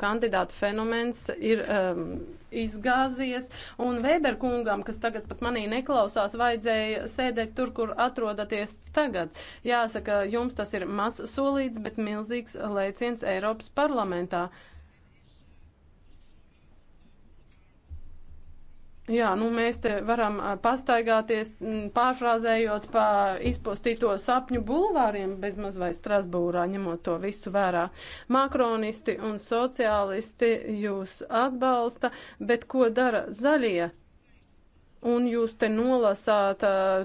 kandidātu fenomens ir um, izgāzies, un Weberkungam, kas tagad pat manī neklausās, vajadzēja sēdēt tur, kur atrodaties tagad. Jāsaka, jums tas ir maz solīts, bet milzīgs lēciens Eiropas parlamentā. Uh, Jā, nu mēs te varam pastaigāties, pārfrāzējot pa izpostīto sapņu bulvāriem bezmaz vai Strasbūrā, ņemot to visu vērā. Makronisti un sociālisti jūs atbalsta, bet ko dara zaļie? Un jūs te nolasāt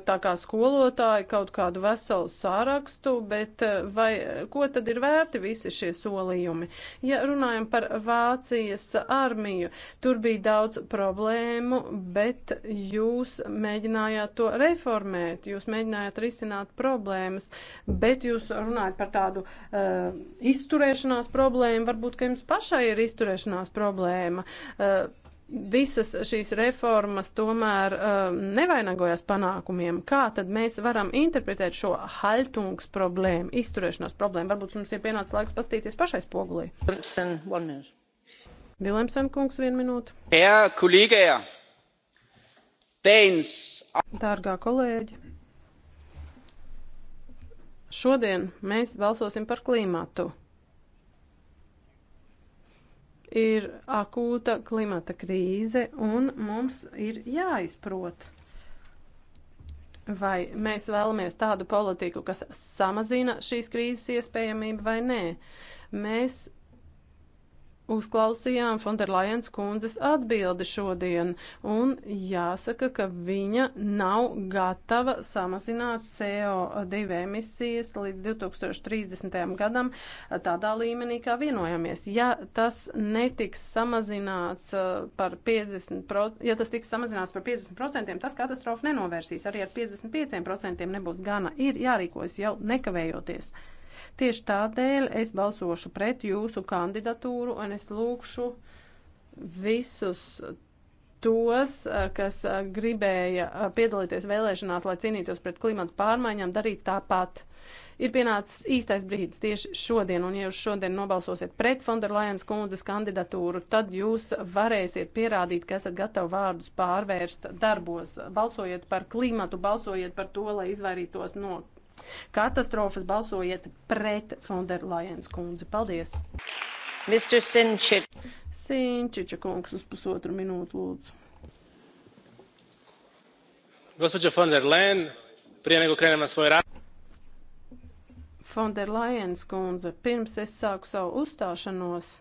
tā kā skolotāji kaut kādu veselu sārakstu, bet vai, ko tad ir vērti visi šie solījumi? Ja runājam par Vācijas armiju, tur bija daudz problēmu, bet jūs mēģinājāt to reformēt, jūs mēģinājāt risināt problēmas, bet jūs runājat par tādu uh, izturēšanās problēmu, varbūt, ka jums pašai ir izturēšanās problēma. Uh, visas šīs reformas tomēr uh, nevainagojas panākumiem. Kā tad mēs varam interpretēt šo haltungs problēmu, izturēšanās problēmu? Varbūt mums ir pienācis laiks pastīties pašai spogulī. Vilemsen kungs, vienu minūtu. Jā, kolīgajā. Teins. Dārgā kolēģi. Šodien mēs balsosim par klimatu ir akūta klimata krīze un mums ir jāizprot. Vai mēs vēlamies tādu politiku, kas samazina šīs krīzes iespējamību vai nē? Mēs uzklausījām Fonderlajens kundzes atbildi šodien, un jāsaka, ka viņa nav gatava samazināt CO2 emisijas līdz 2030. gadam tādā līmenī, kā vienojamies. Ja tas netiks samazināts uh, par 50%, ja tas tiks samazināts par 50%, tas katastrofu nenovērsīs. Arī ar 55% nebūs gana. Ir jārīkojas jau nekavējoties. Tieši tādēļ es balsošu pret jūsu kandidatūru un es lūkšu visus tos, kas eh, gribēja eh, piedalīties vēlēšanās, lai cīnītos pret klimatu pārmaiņām, darīt tāpat. Ir pienācis īstais brīdis tieši šodien, un ja jūs šodien nobalsosiet pret Fonderlajenas kundzes kandidatūru, tad jūs varēsiet pierādīt, ka esat gatavi vārdus pārvērst darbos. Balsojiet par klimatu, balsojiet par to, lai izvairītos no katastrofas balsojiet pret Fonderlajens kundzi. Paldies! Mr. Sinčič. Sinčiča kungs uz pusotru minūtu lūdzu. Gospođo von der Leyen, prije nego krenem na svoj rad. Fonderlajens kundze, pirms es sāku savu uzstāšanos,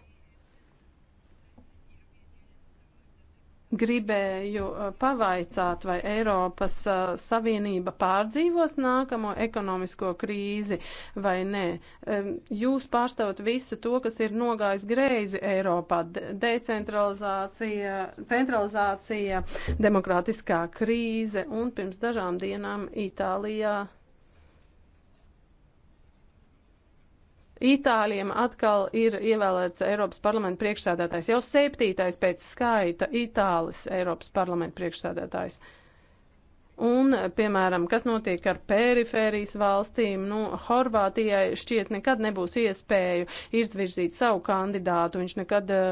gribēju uh, pavaicāt, vai Eiropas uh, Savienība pārdzīvos nākamo ekonomisko krīzi vai nē. Um, jūs pārstāvat visu to, kas ir nogājis greizi Eiropā - decentralizācija, centralizācija, demokrātiskā krīze un pirms dažām dienām Itālijā Itālijam atkal ir ievēlēts Eiropas parlamenta priekšsēdētājs, jau septītais pēc skaita Itālijas Eiropas parlamenta priekšsēdētājs. Un, piemēram, kas notiek ar perifērijas valstīm, nu, Horvātijai šķiet nekad nebūs iespēju izvirzīt savu kandidātu, viņš nekad uh,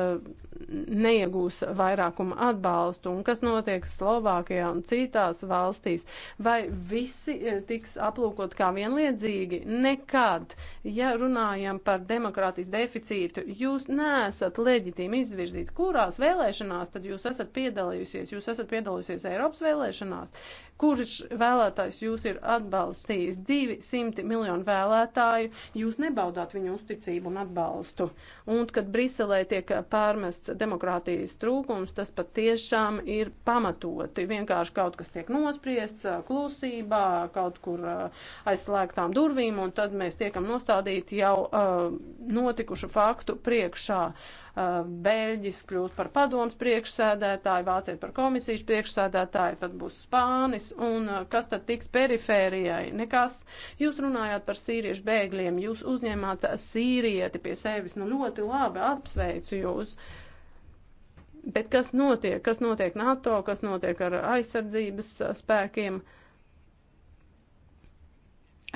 neiegūs vairākuma atbalstu un kas notiek Slovākijā un citās valstīs. Vai visi e, tiks aplūkot kā vienliedzīgi? Nekad. Ja runājam par demokrātijas deficītu, jūs neesat leģitīmi izvirzīt, kurās vēlēšanās tad jūs esat piedalījusies. Jūs esat piedalījusies Eiropas vēlēšanās, kurš vēlētājs jūs ir atbalstījis 200 miljonu vēlētāju, jūs nebaudāt viņu uzticību un atbalstu. Un, kad Briselē tiek pārmests demokrātijas trūkums, tas pat tiešām ir pamatoti. Vienkārši kaut kas tiek nospriests klusībā, kaut kur aizslēgtām durvīm, un tad mēs tiekam nostādīti jau notikušu faktu priekšā. Beļģis kļūs par padomus priekšsēdētāju, Vācija par komisijas priekšsēdētāju, tad būs Spānis, un kas tad tiks perifērijai? Nekas. Jūs runājāt par sīriešu bēgļiem, jūs uzņēmāt sīrieti pie sevis, nu ļoti labi, apsveicu jūs. Uh, Bet kas notiek? Kas notiek NATO, kas notiek ar aizsardzības spēkiem?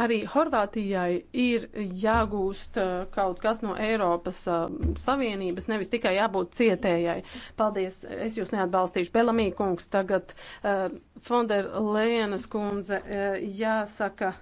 Arī Horvātijai ir jāgūst uh, kaut kas no Eiropas uh, Savienības, nevis tikai jābūt cietējai. Paldies, es jūs neatbalstīšu. Belamī kungs, tagad uh, Fonder Lēnas kundze uh, jāsaka.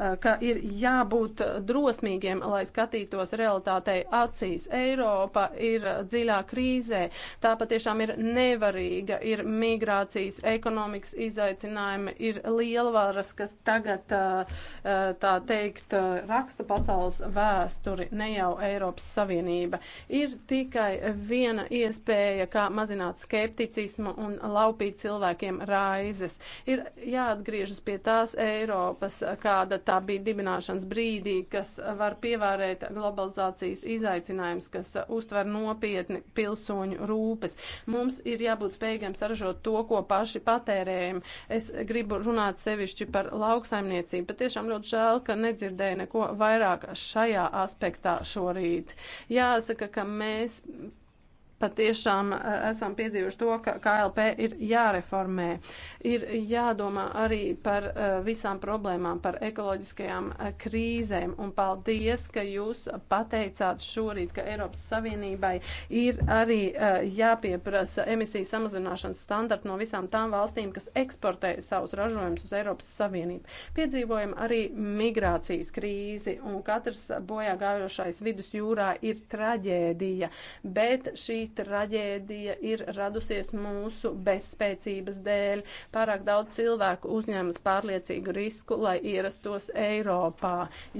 Eh, ka ir jābūt drosmīgiem, lai skatītos realitātei acīs. Eiropa ir dziļā krīzē, tā patiešām ir nevarīga, ir migrācijas, ekonomikas izaicinājumi, ir lielvaras, kas tagad, eh, eh, tā teikt, raksta pasaules vēsturi, ne jau Eiropas Savienība. Ir tikai viena iespēja, kā mazināt skepticismu un laupīt cilvēkiem raizes. Ir jāatgriežas pie tās Eiropas, kāda tā tā bija dibināšanas brīdī, kas var pievērēt globalizācijas izaicinājums, kas uztver nopietni pilsoņu rūpes. Mums ir jābūt spējīgiem saražot to, ko paši patērējam. Es gribu runāt sevišķi par lauksaimniecību, bet tiešām ļoti žēl, ka nedzirdēju neko vairāk šajā aspektā šorīt. Jāsaka, ka mēs patiešām eh, esam piedzīvojuši to, ka KLP ir jāreformē. Ir jādomā arī par eh, visām problēmām, par ekoloģiskajām eh, krīzēm. Un paldies, ka jūs pateicāt šorīt, ka Eiropas Savienībai ir arī jāpieprasa emisiju samazināšanas standarti no visām tām valstīm, kas eksportē savus ražojumus uz Eiropas Savienību. Piedzīvojam arī migrācijas krīzi, un katrs bojā gājošais vidusjūrā ir traģēdija. Bet šī traģēdija ir radusies mūsu bezspēcības dēļ. Pārāk daudz cilvēku uzņemas pārliecīgu risku, lai ierastos Eiropā,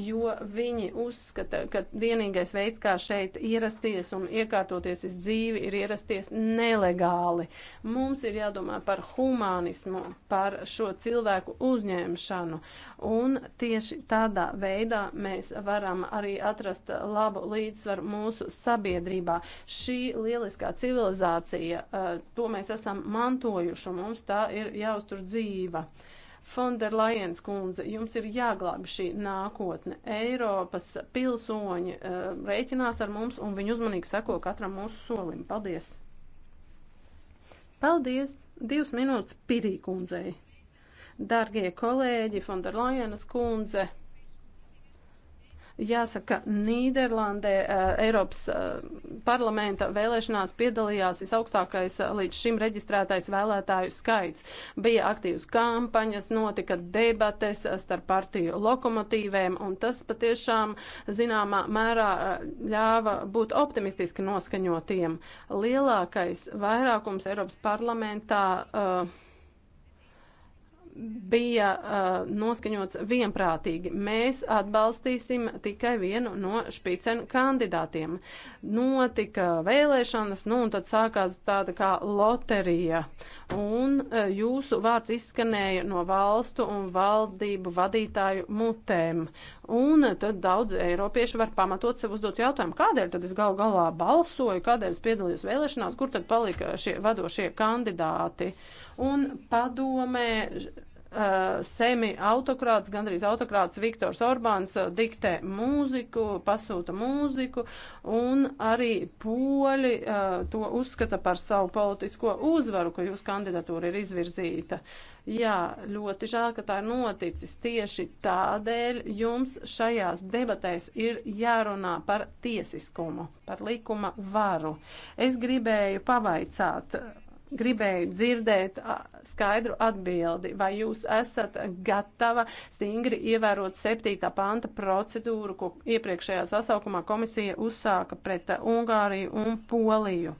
jo viņi uzskata, ka vienīgais veids, kā šeit ierasties un iekārtoties uz dzīvi, ir ierasties nelegāli. Mums ir jādomā par humānismu, par šo cilvēku uzņemšanu. Un tieši tādā veidā mēs varam arī atrast labu līdzsvaru mūsu sabiedrībā. Šī lieliskā civilizācija, eh, to mēs esam mantojuši un mums tā ir jāuztur dzīva. Fonderlajens kundze, jums ir jāglāb šī nākotne. Eiropas pilsoņi uh, rēķinās ar mums un viņi uzmanīgi sako katram mūsu solim. Paldies! Paldies! Divas minūtes pirī kundzei! Dargie kolēģi, Fonderlajenas kundze, Jāsaka, Nīderlandē eh, Eiropas eh, parlamenta vēlēšanās piedalījās visaugstākais eh, līdz šim reģistrētais vēlētāju skaits. Bija aktīvas kampaņas, notika debates starp partiju lokomotīvēm, un tas patiešām zināmā mērā ļāva būt optimistiski noskaņotiem. Lielākais vairākums Eiropas parlamentā uh, bija uh, noskaņots vienprātīgi. Mēs atbalstīsim tikai vienu no špicenu kandidātiem. Notika vēlēšanas, nu un tad sākās tāda kā loterija. Un uh, jūsu vārds izskanēja no valstu un valdību vadītāju mutēm. Un uh, tad daudz eiropieši var pamatot sev uzdot jautājumu, kādēļ tad es gal galā balsoju, kādēļ es piedalījos vēlēšanās, kur tad palika šie vadošie kandidāti. Un padomē Uh, semi autokrāts, gandrīz autokrāts Viktors Orbāns uh, diktē mūziku, pasūta mūziku, un arī poļi uh, to uzskata par savu politisko uzvaru, ka jūsu kandidatūra ir izvirzīta. Jā, ļoti žēl, ka tā ir noticis. Tieši tādēļ jums šajās debatēs ir jārunā par tiesiskumu, par likuma varu. Es gribēju pavaicāt, gribēju dzirdēt skaidru atbildi, vai jūs esat gatava stingri ievērot 7. panta procedūru, ko iepriekšējā sasaukumā komisija uzsāka pret Ungāriju un Poliju.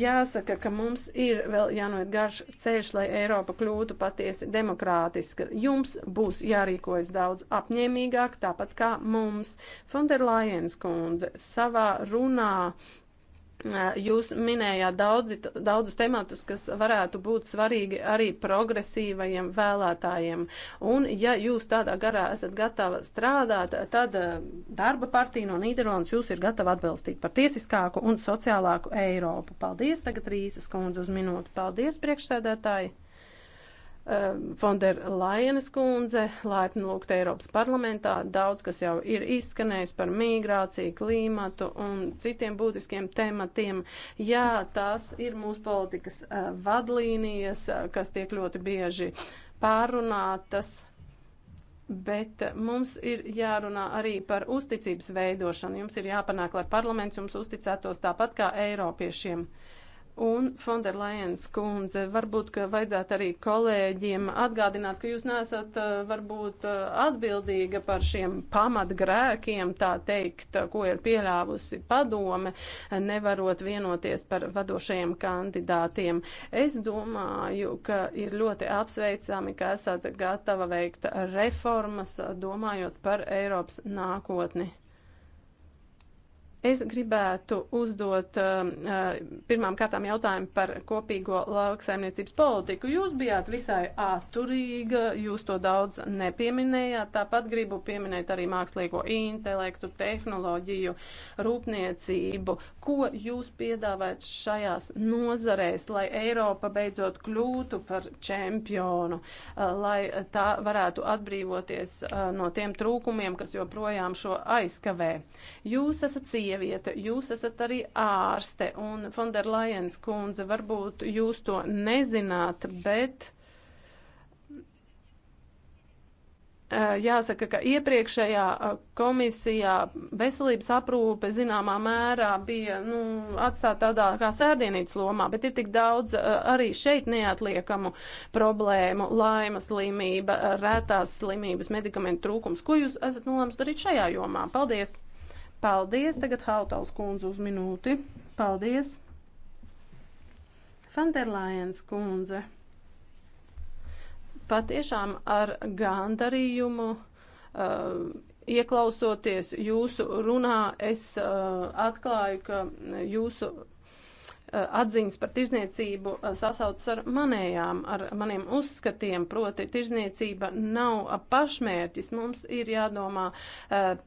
Jāsaka, ka mums ir vēl jānoiet garš ceļš, lai Eiropa kļūtu patiesi demokrātiska. Jums būs jārīkojas daudz apņēmīgāk, tāpat kā mums. Fonderlajens kundze savā runā uh, Jūs minējāt daudzi, daudzus tematus, kas varētu būt svarīgi arī progresīvajiem vēlētājiem. Un, ja jūs tādā garā esat gatava strādāt, tad darba partija no Nīderlandes jūs ir gatava atbalstīt par tiesiskāku un sociālāku Eiropu. Paldies, tagad Rīsas kundze uz minūti. Paldies, priekšsēdētāji! Fonderlaienes ehm, kundze laipni lūgt Eiropas parlamentā. Daudz, kas jau ir izskanējis par migrāciju, klīmatu un citiem būtiskiem tematiem. Jā, tās ir mūsu politikas eh, vadlīnijas, eh, kas tiek ļoti bieži pārunātas. Bet eh, mums ir jārunā arī par uzticības veidošanu. Jums ir jāpanāk, lai parlaments jums uzticētos tāpat kā Eiropiešiem. Uh, Un Fonderlajens kundze, varbūt, ka vajadzētu arī kolēģiem atgādināt, ka jūs nesat eh, varbūt eh, atbildīga par šiem pamatgrēkiem, tā teikt, eh, ko ir pieļāvusi padome, nevarot vienoties par vadošajiem kandidātiem. Es domāju, ka ir ļoti apsveicami, ka esat gatava veikt reformas, domājot par Eiropas nākotni. Es gribētu uzdot um, uh, pirmām kārtām jautājumu par kopīgo lauksaimniecības politiku. Jūs bijāt visai atturīga, jūs to daudz nepieminējāt. Tāpat gribu pieminēt arī mākslīgo intelektu, tehnoloģiju, rūpniecību. Ko jūs piedāvājat šajās nozarēs, lai Eiropa beidzot kļūtu par čempionu, uh, lai tā varētu atbrīvoties uh, no tiem trūkumiem, kas joprojām šo aizkavē? Jūs esat sieviete sieviete, jūs esat arī ārste, un Fonderlajens kundze, varbūt jūs to nezināt, bet. Jāsaka, ka iepriekšējā komisijā veselības aprūpe zināmā mērā bija nu, atstāta tādā kā sērdienītas lomā, bet ir tik daudz arī šeit neatliekamu problēmu - laimas slimība, rētās slimības, medikamentu trūkums. Ko jūs esat nolēmis darīt šajā jomā? Paldies! Paldies, tagad Hautals kundze uz minūti. Paldies. Fanderlajens kundze. Patiešām ar gandarījumu uh, ieklausoties jūsu runā, es uh, atklāju, ka jūsu Eh, atziņas par tirzniecību eh, sasaucas ar manējām, ar maniem uzskatiem, proti tirzniecība nav eh, pašmērķis. Mums ir jādomā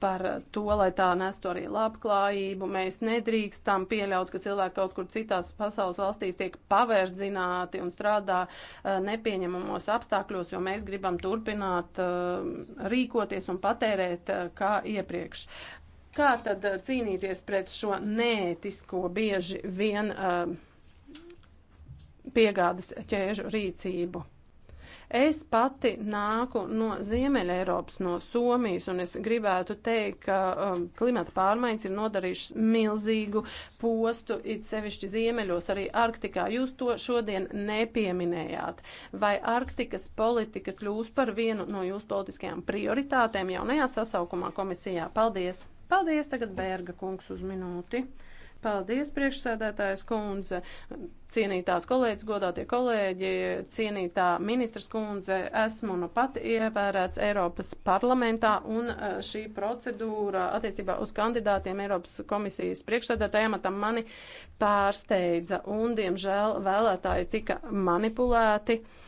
par to, lai tā nestu arī labklājību. Mēs nedrīkstam pieļaut, ka cilvēki kaut kur citās pasaules valstīs tiek paverdzināti un strādā nepieņemamos apstākļos, jo mēs gribam turpināt rīkoties un patērēt kā iepriekš. Kā tad uh, cīnīties pret šo nētisko bieži vien uh, piegādes ķēžu rīcību? Es pati nāku no Ziemeļa Eiropas, no Somijas, un es gribētu teikt, ka um, klimata pārmaiņas ir nodarījušas milzīgu postu, it sevišķi Ziemeļos, arī Arktikā. Jūs to šodien nepieminējāt. Vai Arktikas politika kļūs par vienu no jūsu politiskajām prioritātēm jaunajā sasaukumā komisijā? Paldies! Paldies, tagad Bērga kungs uz minūti. Paldies, priekšsēdētājas kundze, cienītās kolēģis, godātie kolēģi, cienītā ministras kundze. Esmu nu pat ievērēts Eiropas parlamentā un e, šī procedūra attiecībā uz kandidātiem Eiropas komisijas priekšsēdētājiem atam mani pārsteidza un, diemžēl, vēlētāji tika manipulēti. Uh,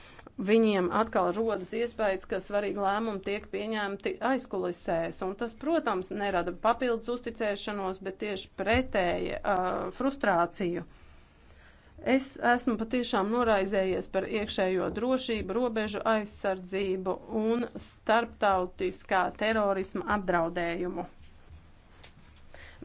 viņiem atkal rodas iespējas, ka svarīgi lēmumi tiek pieņemti aizkulisēs, un tas, protams, nerada papildus uzticēšanos, bet tieši pretēji uh, frustrāciju. Es esmu patiešām noraizējies par iekšējo drošību, robežu aizsardzību un starptautiskā terorisma apdraudējumu.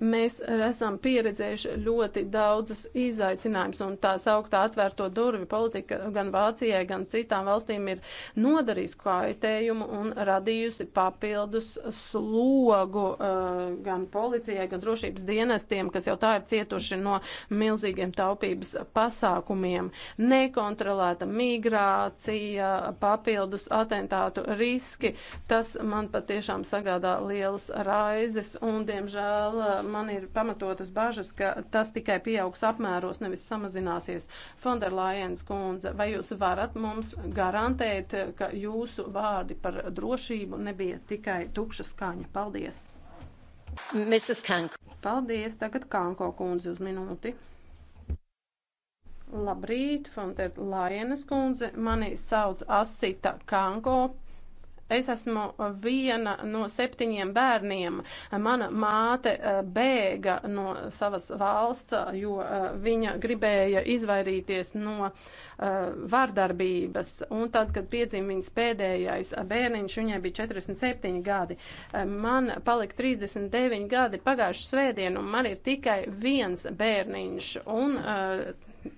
Mēs esam pieredzējuši ļoti daudzus izaicinājumus, un tā sauktā atvērto durvi politika gan Vācijai, gan citām valstīm ir nodarījusi kaitējumu un radījusi papildus slogu uh, gan policijai, gan drošības dienestiem, kas jau tā ir cietuši no milzīgiem taupības pasākumiem. Nekontrolēta migrācija, papildus atentātu riski, tas man patiešām sagādā lielas raizes, un, diemžēl, man ir pamatotas bažas, ka tas tikai pieaugs apmēros, nevis samazināsies. Fonderlājens kundze, vai jūs varat mums garantēt, ka jūsu vārdi par drošību nebija tikai tukša skaņa? Paldies! Mrs. Kanko. Paldies, tagad Kanko kundze uz minūti. Labrīt, Fonterlājens kundze, mani sauc Asita Kanko Es esmu viena no septiņiem bērniem. Mana māte eh, bēga no savas valsts, eh, jo eh, viņa gribēja izvairīties no vardarbības. Un tad, kad piedzima viņas pēdējais bērniņš, viņai bija 47 gadi. Man palika 39 gadi pagājuši svētdien, un man ir tikai viens bērniņš. Un,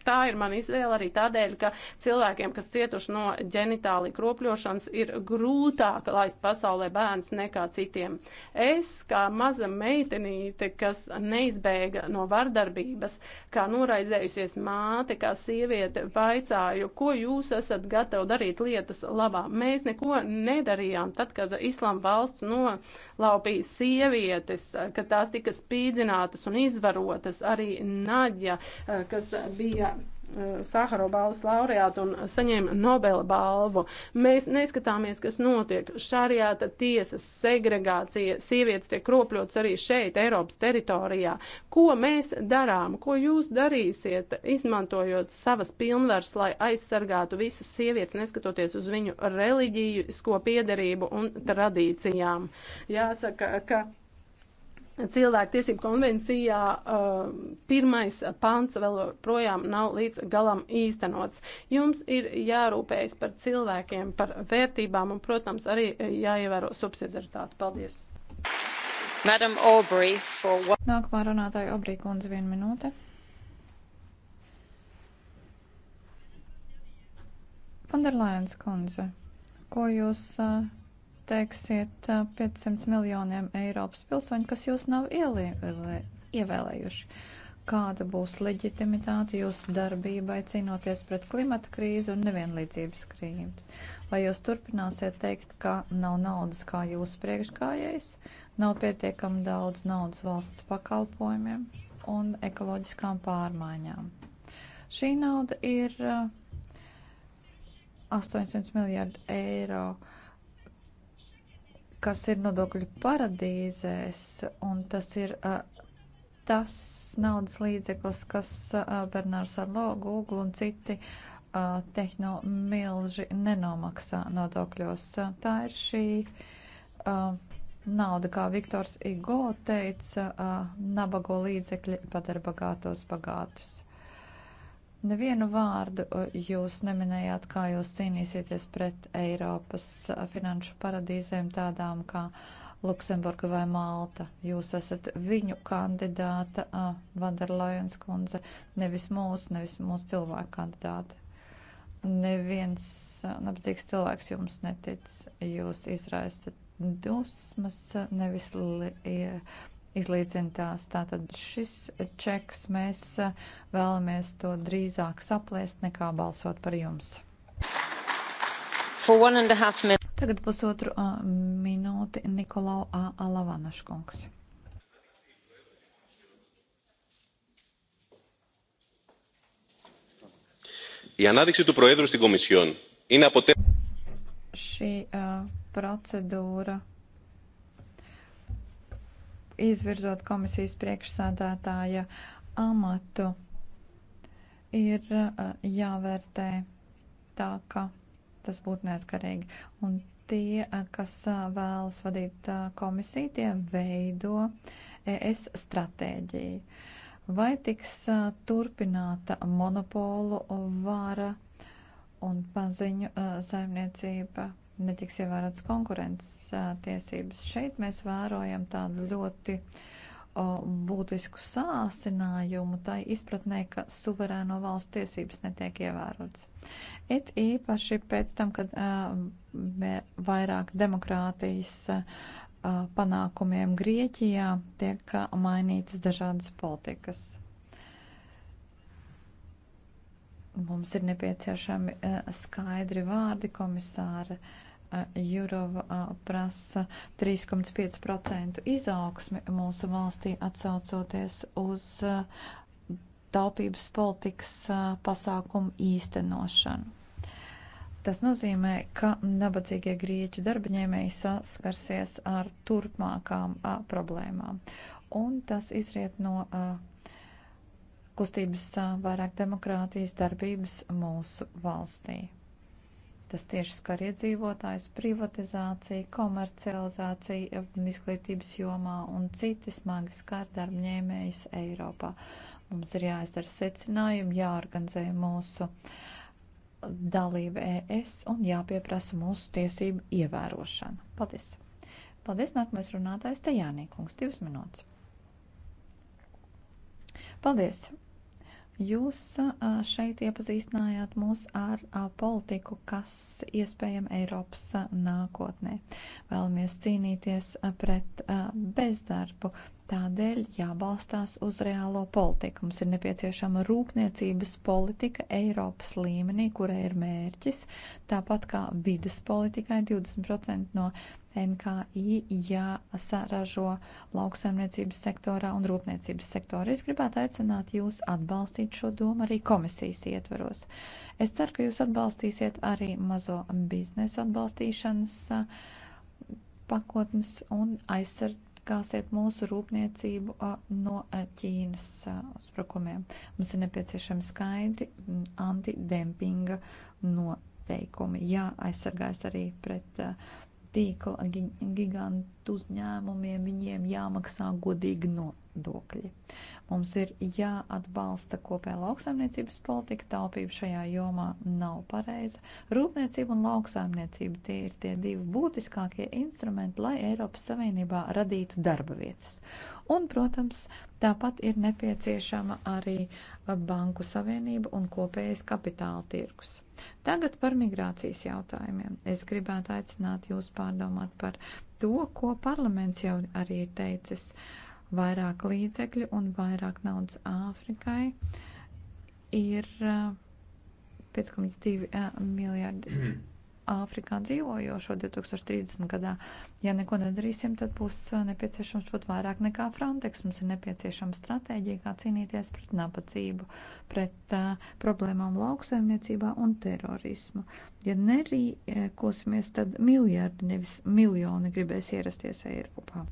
Tā ir mana izvēle arī tādēļ, ka cilvēkiem, kas cietuši no ģenitālija kropļošanas, ir grūtāk laist pasaulē bērns nekā citiem. Es, kā maza meitenīte, kas neizbēga no vardarbības, kā noraizējusies māte, kā sieviete, vaicāju, ko jūs esat gatavi darīt lietas labā. Mēs neko nedarījām tad, kad Islām valsts nolaupīja sievietes, kad tās tika spīdzinātas un izvarotas arī Naģa, eh, kas bija bija eh, Sāharo balvas laureātu un saņēma Nobela balvu. Mēs neskatāmies, kas notiek. Šariāta tiesas segregācija, sievietes tiek kropļots arī šeit, Eiropas teritorijā. Ko mēs darām? Ko jūs darīsiet, izmantojot savas pilnvars, lai aizsargātu visas sievietes, neskatoties uz viņu reliģiju, sko piederību un tradīcijām? Jāsaka, ka Cilvēktiesību konvencijā uh, pirmais pants vēl projām nav līdz galam īstenots. Jums ir jārūpējas par cilvēkiem, par vērtībām un, protams, arī jāievēro subsidiaritāte. Paldies! Madam Aubrey, for what... Nākamā runātāja Aubrey kundze, viena minūte. Fonderlajens kundze, ko jūs uh, pateiksiet 500 miljoniem Eiropas pilsoņu, kas jūs nav ievēlējuši? Kāda būs leģitimitāte jūsu darbībai cīnoties pret klimata krīzi un nevienlīdzības krīzi? Vai jūs turpināsiet teikt, ka nav naudas kā jūsu priekškājais, nav pietiekami daudz naudas valsts pakalpojumiem un ekoloģiskām pārmaiņām? Šī nauda ir 800 miljardi eiro kas ir nodokļu paradīzēs, un tas ir uh, tas naudas līdzeklis, kas uh, Bernārs Arlo, Google un citi uh, tehnomilži nenomaksā nodokļos. Tā ir šī uh, nauda, kā Viktors Igo teica, uh, nabago līdzekļi padara bagātos bagātus. Nevienu vārdu jūs neminējāt, kā jūs cīnīsieties pret Eiropas finanšu paradīzēm tādām kā Luksemburga vai Malta. Jūs esat viņu kandidāta, uh, Vanderlajons kundze, nevis mūsu, nevis mūsu cilvēku kandidāte. Neviens uh, nabadzīgs cilvēks jums netic. Jūs izraistat dusmas, nevis li, uh, izlīdzina tās. Tātad šis čeks mēs eh, vēlamies to drīzāk saplēst nekā balsot par jums. Tagad pusotru uh, minūti Nikolau A. Eh, Alavanaškungs. Η ανάδειξη του Προέδρου στην Κομισιόν είναι αποτέλεσμα. Šī uh, procedūra izvirzot komisijas priekšsādātāja amatu, ir eh, jāvērtē tā, ka tas būtu neatkarīgi. Un tie, eh, kas eh, vēlas vadīt komisiju, tie veido ES stratēģiju. Vai tiks turpināta monopolu vara un paziņu saimniecība netiks ievērotas konkurences tiesības. Šeit mēs vērojam tādu ļoti o, būtisku sāsinājumu tai izpratnē, ka suverēno valstu tiesības netiek ievērotas. It īpaši pēc tam, kad a, vairāk demokrātijas a, panākumiem Grieķijā tiek mainītas dažādas politikas. Mums ir nepieciešami skaidri vārdi, komisāra. Uh, Jurova prasa 3,5% izaugsmi mūsu valstī atsaucoties uz taupības politikas pasākumu īstenošanu. Tas nozīmē, ka nabadzīgie grieķu darbaņēmēji saskarsies ar turpmākām a, problēmām. Un tas izriet no a, kustības a, vairāk demokrātijas darbības mūsu valstī. Tas tieši skar iedzīvotājus, privatizāciju, komercializāciju izglītības jomā un citi smagi skar darbņēmējus Eiropā. Mums ir jāizdara secinājumi, jāorganizē mūsu dalība ES un jāpieprasa mūsu tiesību ievērošana. Paldies! Paldies, nākamais runātājs Tajānī kungs, divas minūtes. Paldies! Jūs šeit iepazīstinājāt mūs ar politiku, kas iespējama Eiropas nākotnē. Vēlamies cīnīties pret bezdarbu, Tādēļ jābalstās uz reālo politiku. Mums ir nepieciešama rūpniecības politika Eiropas līmenī, kurai ir mērķis, tāpat kā vidas politikai 20% no NKI jāsaražo lauksaimniecības sektorā un rūpniecības sektorā. Es gribētu aicināt jūs atbalstīt šo domu arī komisijas ietvaros. Es ceru, ka jūs atbalstīsiet arī mazo biznesu atbalstīšanas uh, pakotnes un aizsargāsiet mūsu rūpniecību uh, no uh, Ķīnas uzbrukumiem. Mums ir nepieciešami skaidri mm, antidempinga noteikumi. Jā, aizsargājas arī pret uh, tīkla gigantu uzņēmumiem viņiem jāmaksā godīgi no, nodokļi. Mums ir jāatbalsta kopējā lauksaimniecības politika, taupība šajā jomā nav pareiza. Rūpniecība un lauksaimniecība tie ir tie divi būtiskākie instrumenti, lai Eiropas Savienībā radītu darba vietas. Un, protams, tāpat ir nepieciešama arī banku savienība un kopējais kapitāla tirgus. Tagad par migrācijas jautājumiem. Es gribētu aicināt jūs pārdomāt par to, ko parlaments jau arī ir teicis. Uh, vairāk līdzekļu un vairāk naudas Āfrikai ir 5,2 eh, eh, miljardi Āfrikā dzīvojošo 2030. gadā. Ja neko nedarīsim, tad būs eh, nepieciešams pat vairāk nekā Frontex. Mums ir nepieciešama stratēģija, kā cīnīties pret nabadzību, pret uh, problēmām lauksaimniecībā un terorismu. Ja nerīkosimies, tad miljardi, nevis miljoni gribēs ierasties Eiropā.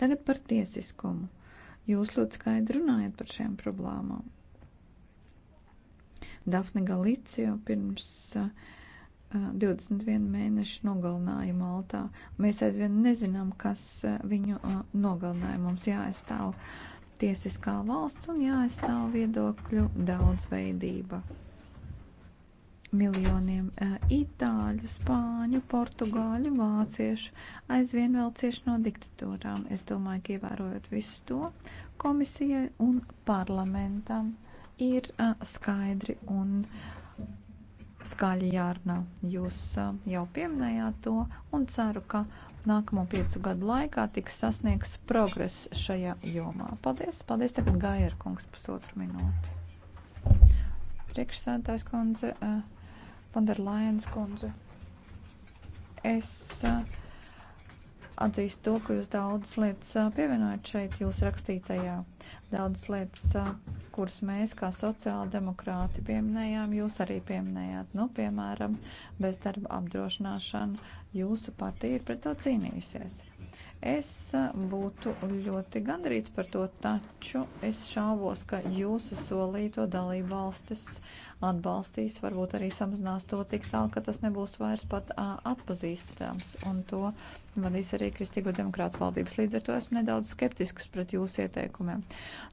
Tagad par tiesiskumu. Jūs ļoti skaidri runājat par šiem problēmām. Dafne Galicija pirms uh, 21 uh, mēnešu nogalināja Maltā. Mēs aizvien nezinām, kas uh, viņu uh, nogalināja. Mums jāaizstāv tiesiskā valsts un jāaizstāv viedokļu daudzveidība miljoniem eh, itāļu, spāņu, portugāļu, vāciešu aizvien vēl cieši no diktatūrām. Es domāju, ka ievērojot visu to, komisijai un parlamentam ir eh, skaidri un skaļi jārunā. Jūs eh, jau pieminējāt to un ceru, ka nākamo piecu gadu laikā tiks sasniegts progress šajā jomā. Paldies, paldies tagad Gaierkungs pusotru minūti. Priekšsēdētājs kundze. Uh, Fonderlajens kundze. Es atzīstu to, ka jūs daudzas lietas pievienojat šeit jūs rakstītajā. Daudzas lietas, kuras mēs kā sociāla demokrāti pieminējām, jūs arī pieminējāt. Nu, piemēram, bezdarba apdrošināšana. Jūsu partija ir pret to cīnījusies. Es būtu ļoti gandrīz par to, taču es šaubos, ka jūsu solīto dalību valstis atbalstīs, varbūt arī samazinās to tik tālu, ka tas nebūs vairs pat uh, atpazīstams. Un to vadīs arī Kristīgo demokrātu valdības. Līdz ar to esmu nedaudz skeptisks pret jūsu ieteikumiem.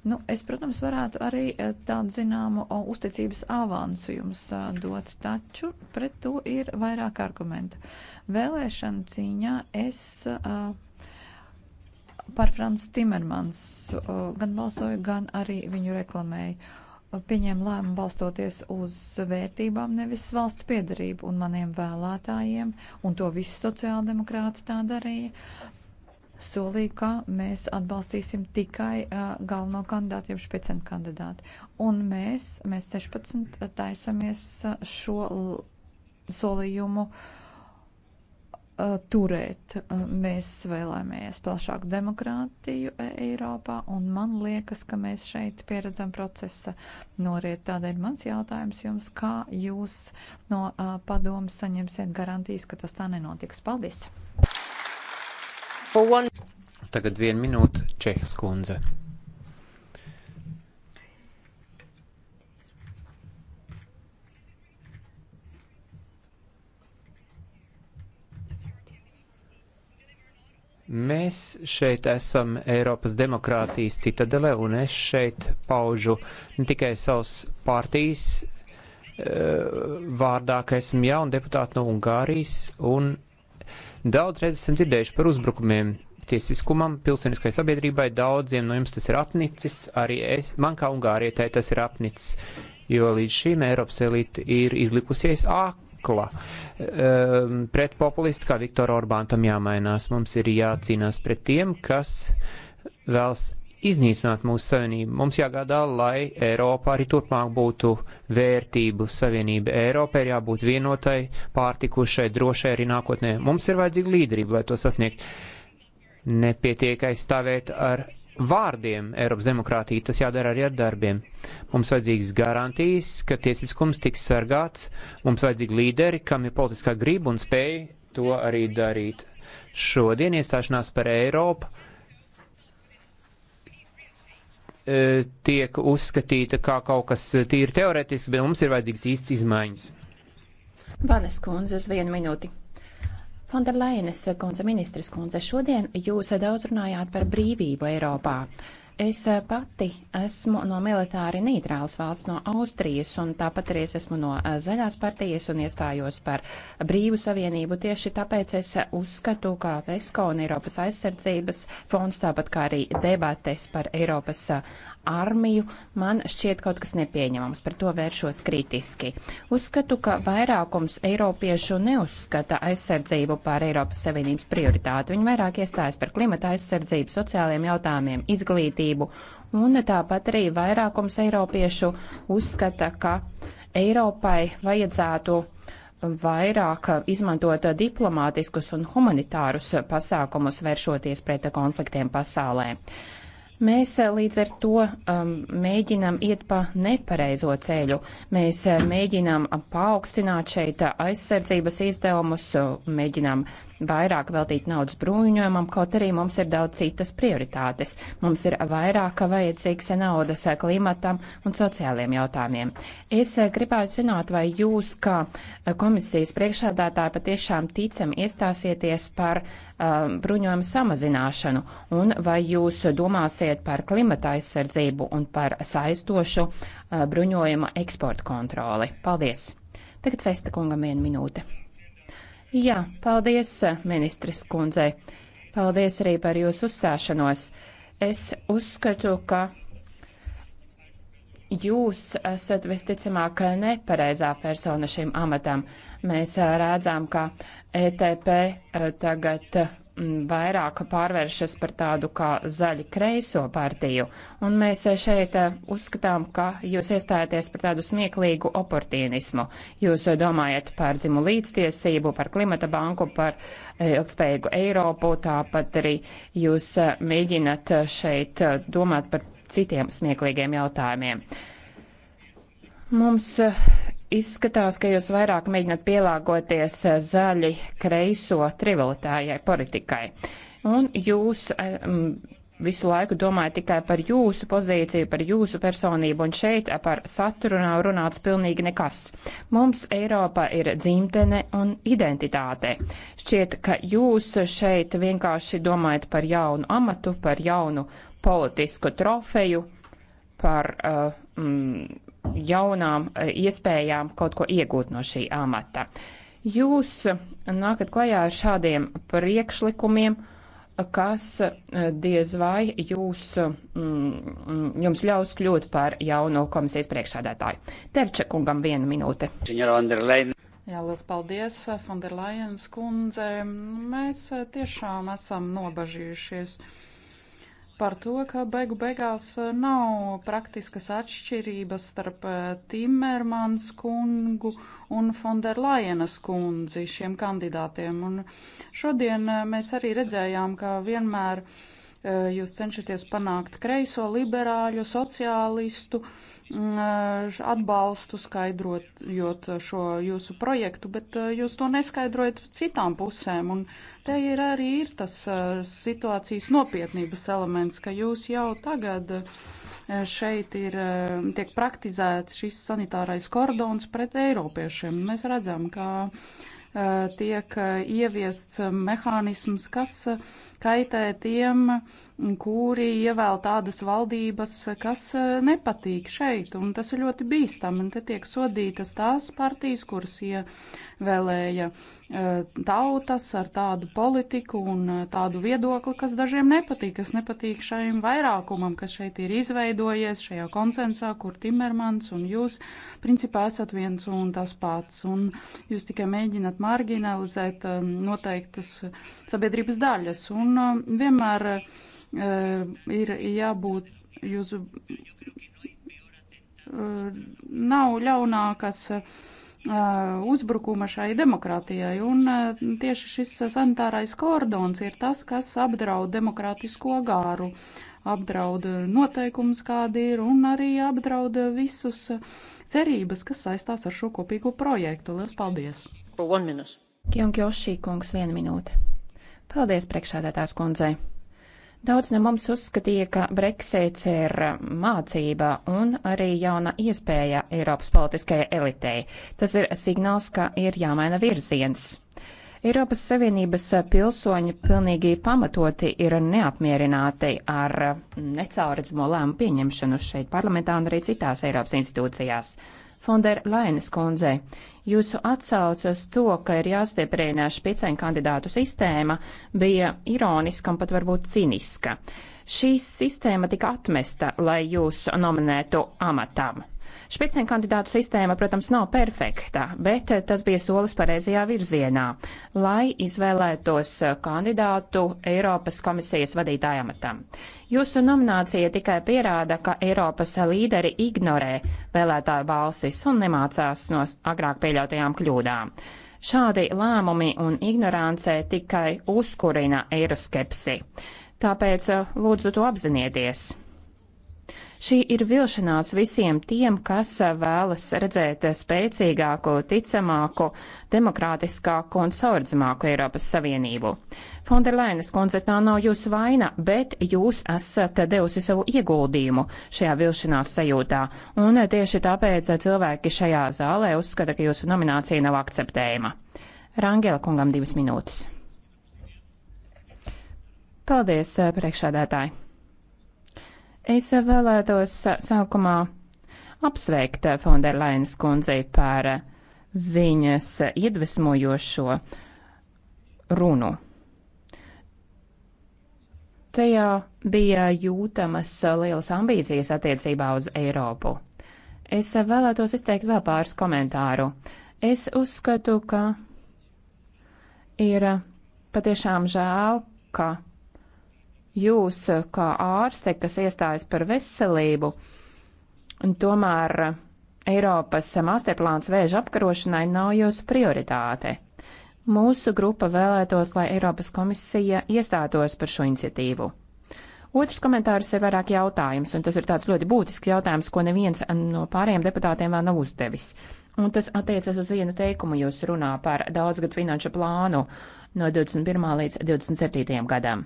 Nu, es, protams, varētu arī tādu zināmu uzticības avansu jums uh, dot, taču pret to ir vairāk argumenta. Vēlēšana cīņā es. Uh, par Fransu Timermans gan balsoju, gan arī viņu reklamēju pieņēma lēmumu balstoties uz vērtībām, nevis valsts piedarību, un maniem vēlētājiem, un to visi sociāldemokrāti tā darīja, solīju, ka mēs atbalstīsim tikai uh, galveno kandidātu, jeb špicenu kandidātu. Un mēs, mēs 16, taisamies šo solījumu uh, Uh, turēt. Uh, mēs vēlamies plašāku demokrātiju uh, Eiropā, un man liekas, ka mēs šeit pieredzam procesa noriet. Tādēļ mans jautājums jums, kā jūs no padomu saņemsiet garantijas, ka tas tā nenotiks. Paldies! One... Tagad vienu minūtu Čehas kundze. Mēs šeit esam Eiropas demokrātijas citadele, un es šeit paužu ne tikai savus partijas eh, vārdā, ka esmu jauna deputāta no Ungārijas, un daudzreiz esam dzirdējuši par uzbrukumiem tiesiskumam, pilsoniskai sabiedrībai, daudziem no jums tas ir apnicis, arī es, man kā Ungārietai tas ir apnicis, jo līdz šim Eiropas elite ir izlikusies ak akla. Ehm, pret populistu kā Viktoru Orbānu tam jāmainās. Mums ir jācīnās pret tiem, kas vēlas iznīcināt mūsu savienību. Mums jāgādā, lai Eiropa arī turpmāk būtu vērtību savienība. Eiropa ir jābūt vienotai, pārtikušai, drošai arī nākotnē. Mums ir vajadzīga līderība, lai to sasniegt. Nepietiek aizstāvēt ar vārdiem Eiropas demokrātija, tas jādara arī ar darbiem. Mums vajadzīgas garantijas, ka tiesiskums tiks sargāts, mums vajadzīgi līderi, kam ir politiskā griba un spēja to arī darīt. Šodien iestāšanās par Eiropu e, tiek uzskatīta kā kaut kas tīri teoretisks, bet mums ir vajadzīgas īsts izmaiņas. Vanes kundze uz vienu minūti. Fonderlainas kundze, ministres kundze, šodien jūs daudz runājāt par brīvību Eiropā. Es pati esmu no militāri neitrāls valsts no Austrijas, un tāpat arī es esmu no Zaļās partijas un iestājos par brīvu savienību. Tieši tāpēc es uzskatu, ka PESCO un Eiropas aizsardzības fonds, tāpat kā arī debates par Eiropas armiju, man šķiet kaut kas nepieņemams. Par to vēršos kritiski. Uzskatu, ka vairākums eiropiešu neuzskata aizsardzību par Eiropas Savienības prioritāti. Viņi vairāk iestājas par klimata aizsardzību, sociāliem jautājumiem, izglītību, un tāpat arī vairākums eiropiešu uzskata, ka Eiropai vajadzētu vairāk izmantot diplomātiskus un humanitārus pasākumus vēršoties pret konfliktiem pasaulē. Mēs eh, līdz ar to um, mēģinām iet pa nepareizo ceļu. Mēs eh, mēģinām paaugstināt šeit aizsardzības izdevumus, mēģinām uh, vairāk veltīt naudas bruņojumam, kaut arī mums ir daudz citas prioritātes. Mums ir vairāk vajadzīgs naudas klimatam un sociāliem jautājumiem. Es gribētu zināt, vai jūs, kā komisijas priekšādātāji, patiešām ticam iestāsieties par um, bruņojuma samazināšanu, un vai jūs domāsiet par klimata aizsardzību un par saistošu uh, bruņojuma eksporta kontroli. Paldies! Tagad Festa kungam viena minūte. Jā, paldies, eh, ministres kundzei. Paldies arī par jūsu uzstāšanos. Es uzskatu, ka jūs esat visticamāk nepareizā persona šim amatam. Mēs eh, redzam, ka ETP eh, tagad vairāk pārvēršas par tādu kā zaļi kreiso partiju, un mēs šeit eh, uzskatām, ka jūs iestājaties par tādu smieklīgu oportunismu. Jūs eh, domājat par dzimu līdztiesību, par klimata banku, par eh, ilgspējīgu Eiropu, tāpat arī jūs mēģinat šeit domāt par citiem smieklīgiem jautājumiem. Mums Izskatās, ka jūs vairāk mēģināt pielāgoties eh, zaļi kreiso trivialitājai politikai. Un jūs um, visu laiku domājat tikai par jūsu pozīciju, par jūsu personību, un šeit eh, par saturu nav runāts pilnīgi nekas. Mums Eiropa ir dzimtene un identitāte. Šķiet, ka jūs šeit vienkārši domājat par jaunu amatu, par jaunu politisku trofeju, par uh, mm, jaunām e, iespējām kaut ko iegūt no šī amata. Jūs nākat klajā ar šādiem priekšlikumiem, kas e, diez vai jūs, mm, jums ļaus kļūt par jauno komisijas priekšsādātāju. Terča kungam viena minūte. Jā, liels paldies, Fonderlajens kundze. Mēs e, tiešām esam nobažījušies. Uh, par to, ka beigu beigās e, nav praktiskas atšķirības starp e, Timermans kungu un Fonderlajenas kundzi šiem kandidātiem. Un šodien e, mēs arī redzējām, ka vienmēr jūs cenšaties panākt kreiso liberāļu, sociālistu Mm, atbalstu, skaidrojot eh, šo jūsu projektu, bet eh, jūs to neskaidrojat citām pusēm. Un te ir arī ir tas eh, situācijas nopietnības elements, ka jūs jau tagad šeit ir, tiek praktizēts šis sanitārais kordons pret eiropiešiem. Mēs redzam, ka tiek ieviests mehānisms, kas kaitē tiem, kuri ievēl tādas valdības, kas e, nepatīk šeit, un tas ir ļoti bīstami, un te tiek sodītas tās partijas, kuras ievēlēja e, tautas ar tādu politiku un e, tādu viedokli, kas dažiem nepatīk, kas nepatīk šajam vairākumam, kas šeit ir izveidojies šajā konsensā, kur Timermans un jūs principā esat viens un tas pats, un jūs tikai mēģināt marginalizēt noteiktas sabiedrības daļas, un Un um, vienmēr uh, ir jābūt jūsu. Uh, nav ļaunākas. Uh, uzbrukuma šai demokrātijai. Un uh, tieši šis sanitārais kordons ir tas, kas apdraud demokrātisko gāru, apdraud noteikumus, kādi ir, un arī apdraud visus cerības, kas saistās ar šo kopīgo projektu. Lielas paldies! Kjongi Ošī kungs, viena minūte. Paldies priekšādētās kundzei. Daudz no mums uzskatīja, ka Brexits ir mācība un arī jauna iespēja Eiropas politiskajai elitei. Tas ir signāls, ka ir jāmaina virziens. Eiropas Savienības pilsoņi pilnīgi pamatoti ir neapmierināti ar necauredzamo lēmu pieņemšanu šeit parlamentā un arī citās Eiropas institūcijās. Fonder Lainas kundzei. Jūsu atsauce uz to, ka ir jāstieprina špicēn kandidātu sistēma, bija ironiska un pat varbūt ciniska. Šī sistēma tika atmesta, lai jūs nominētu amatam. Špicēn kandidātu sistēma, protams, nav perfekta, bet eh, tas bija solis pareizajā virzienā, lai izvēlētos eh, kandidātu Eiropas komisijas vadītāja amatam. Jūsu nominācija tikai pierāda, ka Eiropas līderi ignorē vēlētāju balsis un nemācās no agrāk pieļautajām kļūdām. Šādi lēmumi un ignorance tikai uzkurina eiroskepsi. Tāpēc eh, lūdzu to apzinieties. Šī ir vilšanās visiem tiem, kas vēlas redzēt spēcīgāku, ticamāku, demokrātiskāku un saurdzamāku Eiropas Savienību. Fonderlainas kundze, tā nav jūsu vaina, bet jūs esat devusi savu ieguldījumu šajā vilšanās sajūtā, un tieši tāpēc cilvēki šajā zālē uzskata, ka jūsu nominācija nav akceptējama. Rangela kungam divas minūtes. Paldies, priekšādētāji! Es vēlētos sākumā apsveikt Fonderlainas kundzei par viņas iedvesmojošo runu. Tajā bija jūtamas lielas ambīcijas attiecībā uz Eiropu. Es vēlētos izteikt vēl pāris komentāru. Es uzskatu, ka ir patiešām žēl, ka jūs, eh, kā ārste, kas iestājas par veselību, un tomēr Eiropas masterplāns vēža apkarošanai nav jūsu prioritāte. Mūsu grupa vēlētos, lai Eiropas komisija iestātos par šo iniciatīvu. Otrs komentārs ir vairāk jautājums, un tas ir tāds ļoti būtisks jautājums, ko neviens no pārējiem deputātiem vēl nav uzdevis. Un tas attiecas uz vienu teikumu, jūs runā par daudzgadu finanšu plānu no 21. līdz 27. gadam.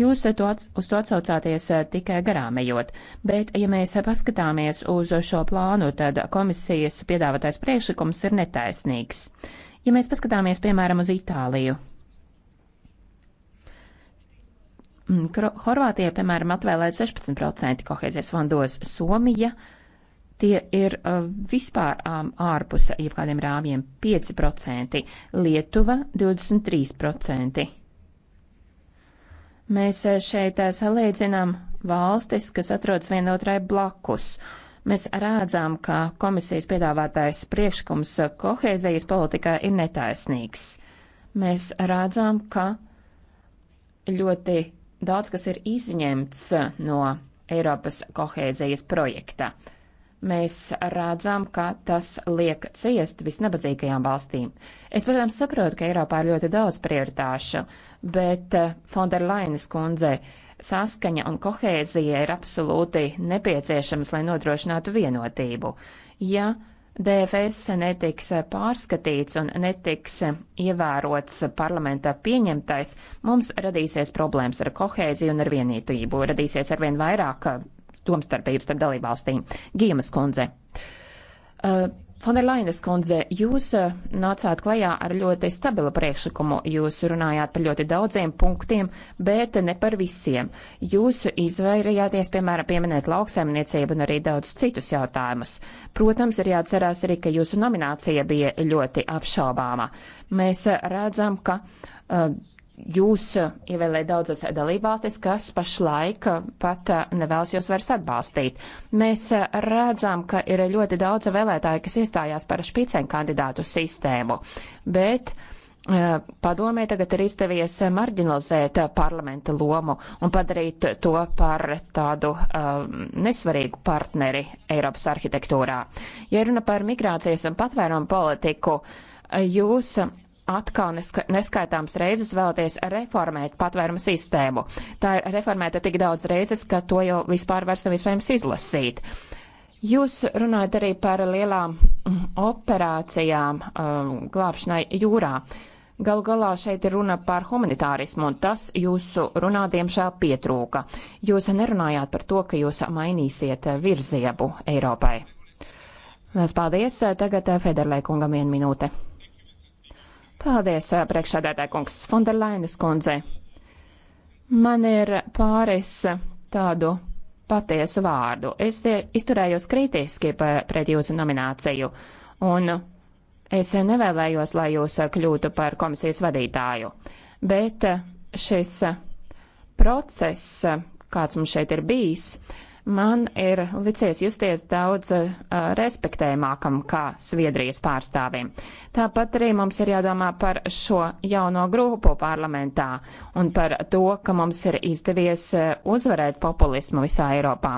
Jūs to uz to atsaucāties eh, tikai garām ejot, bet, ja mēs paskatāmies uz šo plānu, tad komisijas piedāvātais priekšlikums ir netaisnīgs. Ja mēs paskatāmies, piemēram, uz Itāliju, mm, Kro Horvātija, piemēram, atvēlēja 16% kohēzijas fondos, Somija tie ir eh, vispār ārpus jebkādiem rāmjiem 5%, Lietuva 23%. Mēs eh, šeit eh, salīdzinām valstis, kas atrodas vienotrai blakus. Mēs rādzām, ka komisijas piedāvātais priekšlikums eh, kohēzijas politikā ir netaisnīgs. Mēs rādzām, ka ļoti daudz kas ir izņemts no Eiropas kohēzijas projekta. Uh, mēs redzam, ka tas liek ciest visnabadzīgajām valstīm. Es, protams, saprotu, ka Eiropā ir ļoti daudz prioritāšu, bet Fonderlainas eh, kundze saskaņa un kohēzija ir absolūti nepieciešamas, lai nodrošinātu vienotību. Ja DFS netiks pārskatīts un netiks ievērots parlamentā pieņemtais, mums radīsies problēmas ar kohēziju un ar vienītību, radīsies arvien vairāk domstarpības starp dalībvalstīm. Gīmas kundze. Uh, Fonderlainas kundze, jūs uh, nācāt klajā ar ļoti stabilu priekšlikumu. Jūs runājāt par ļoti daudziem punktiem, bet ne par visiem. Jūs izvairījāties, piemēram, pieminēt lauksaimniecību un arī daudz citus jautājumus. Protams, ir jāatcerās arī, ka jūsu nominācija bija ļoti apšaubāma. Mēs uh, redzam, ka. Uh, jūs uh, ievēlēt daudzas dalībvalstis, kas pašlaik uh, pat uh, nevēlas jūs vairs atbalstīt. Mēs redzam, ka ir ļoti daudz vēlētāju, kas iestājās par špicēm kandidātu sistēmu, bet padomē tagad ir izdevies marginalizēt parlamenta lomu un padarīt to par tādu uh, nesvarīgu partneri Eiropas arhitektūrā. Ja runa par migrācijas un patvērumu politiku, jūs atkal neska neskaitāms reizes vēlaties reformēt patvērumu sistēmu. Tā ir reformēta tik daudz reizes, ka to jau vispār vairs nav iespējams izlasīt. Jūs runājat arī par lielām operācijām um, glābšanai jūrā. Galu galā šeit ir runa par humanitārismu, un tas jūsu runā diemžēl pietrūka. Jūs nerunājāt par to, ka jūs mainīsiet virziebu Eiropai. Lielas paldies! Tagad eh, Federlai kungam vien minūte. Paldies, priekšādētāja kungs Fonderlainas kundze. Man ir pāris tādu patiesu vārdu. Es izturējos kritiski pret jūsu nomināciju, un es nevēlējos, lai jūs kļūtu par komisijas vadītāju. Bet šis process, kāds mums šeit ir bijis, uh, man ir licies justies daudz uh, eh, respektējumākam kā Sviedrijas pārstāvim. Tāpat arī mums ir jādomā par šo jauno grupu parlamentā un par to, ka mums ir izdevies uh, uzvarēt populismu visā Eiropā.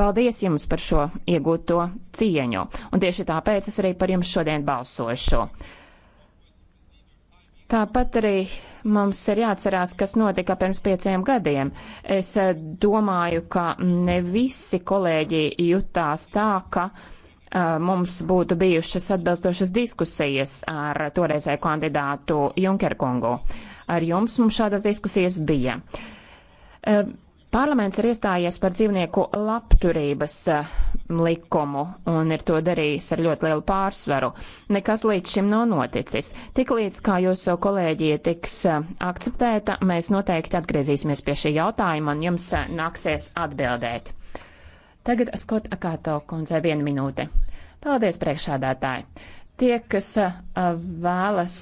Paldies jums par šo iegūto cieņu, un tieši tāpēc es arī par jums šodien balsošu. Tāpat arī mums ir jāatcerās, kas notika pirms pieciem gadiem. Es eh, domāju, ka ne visi kolēģi jutās tā, ka eh, mums būtu bijušas atbilstošas diskusijas ar toreizēju kandidātu Junkerkungu. Ar jums mums šādas diskusijas bija. Eh, Parlaments ir iestājies par dzīvnieku labturības eh, likumu un ir to darījis ar ļoti lielu pārsvaru. Nekas līdz šim nav noticis. Tiklīdz kā jūsu kolēģija tiks eh, akceptēta, mēs noteikti atgriezīsimies pie šī jautājuma un jums eh, nāksies atbildēt. Tagad Skot Akāto kundze viena minūte. Paldies priekšādātāji. Tie, kas vēlas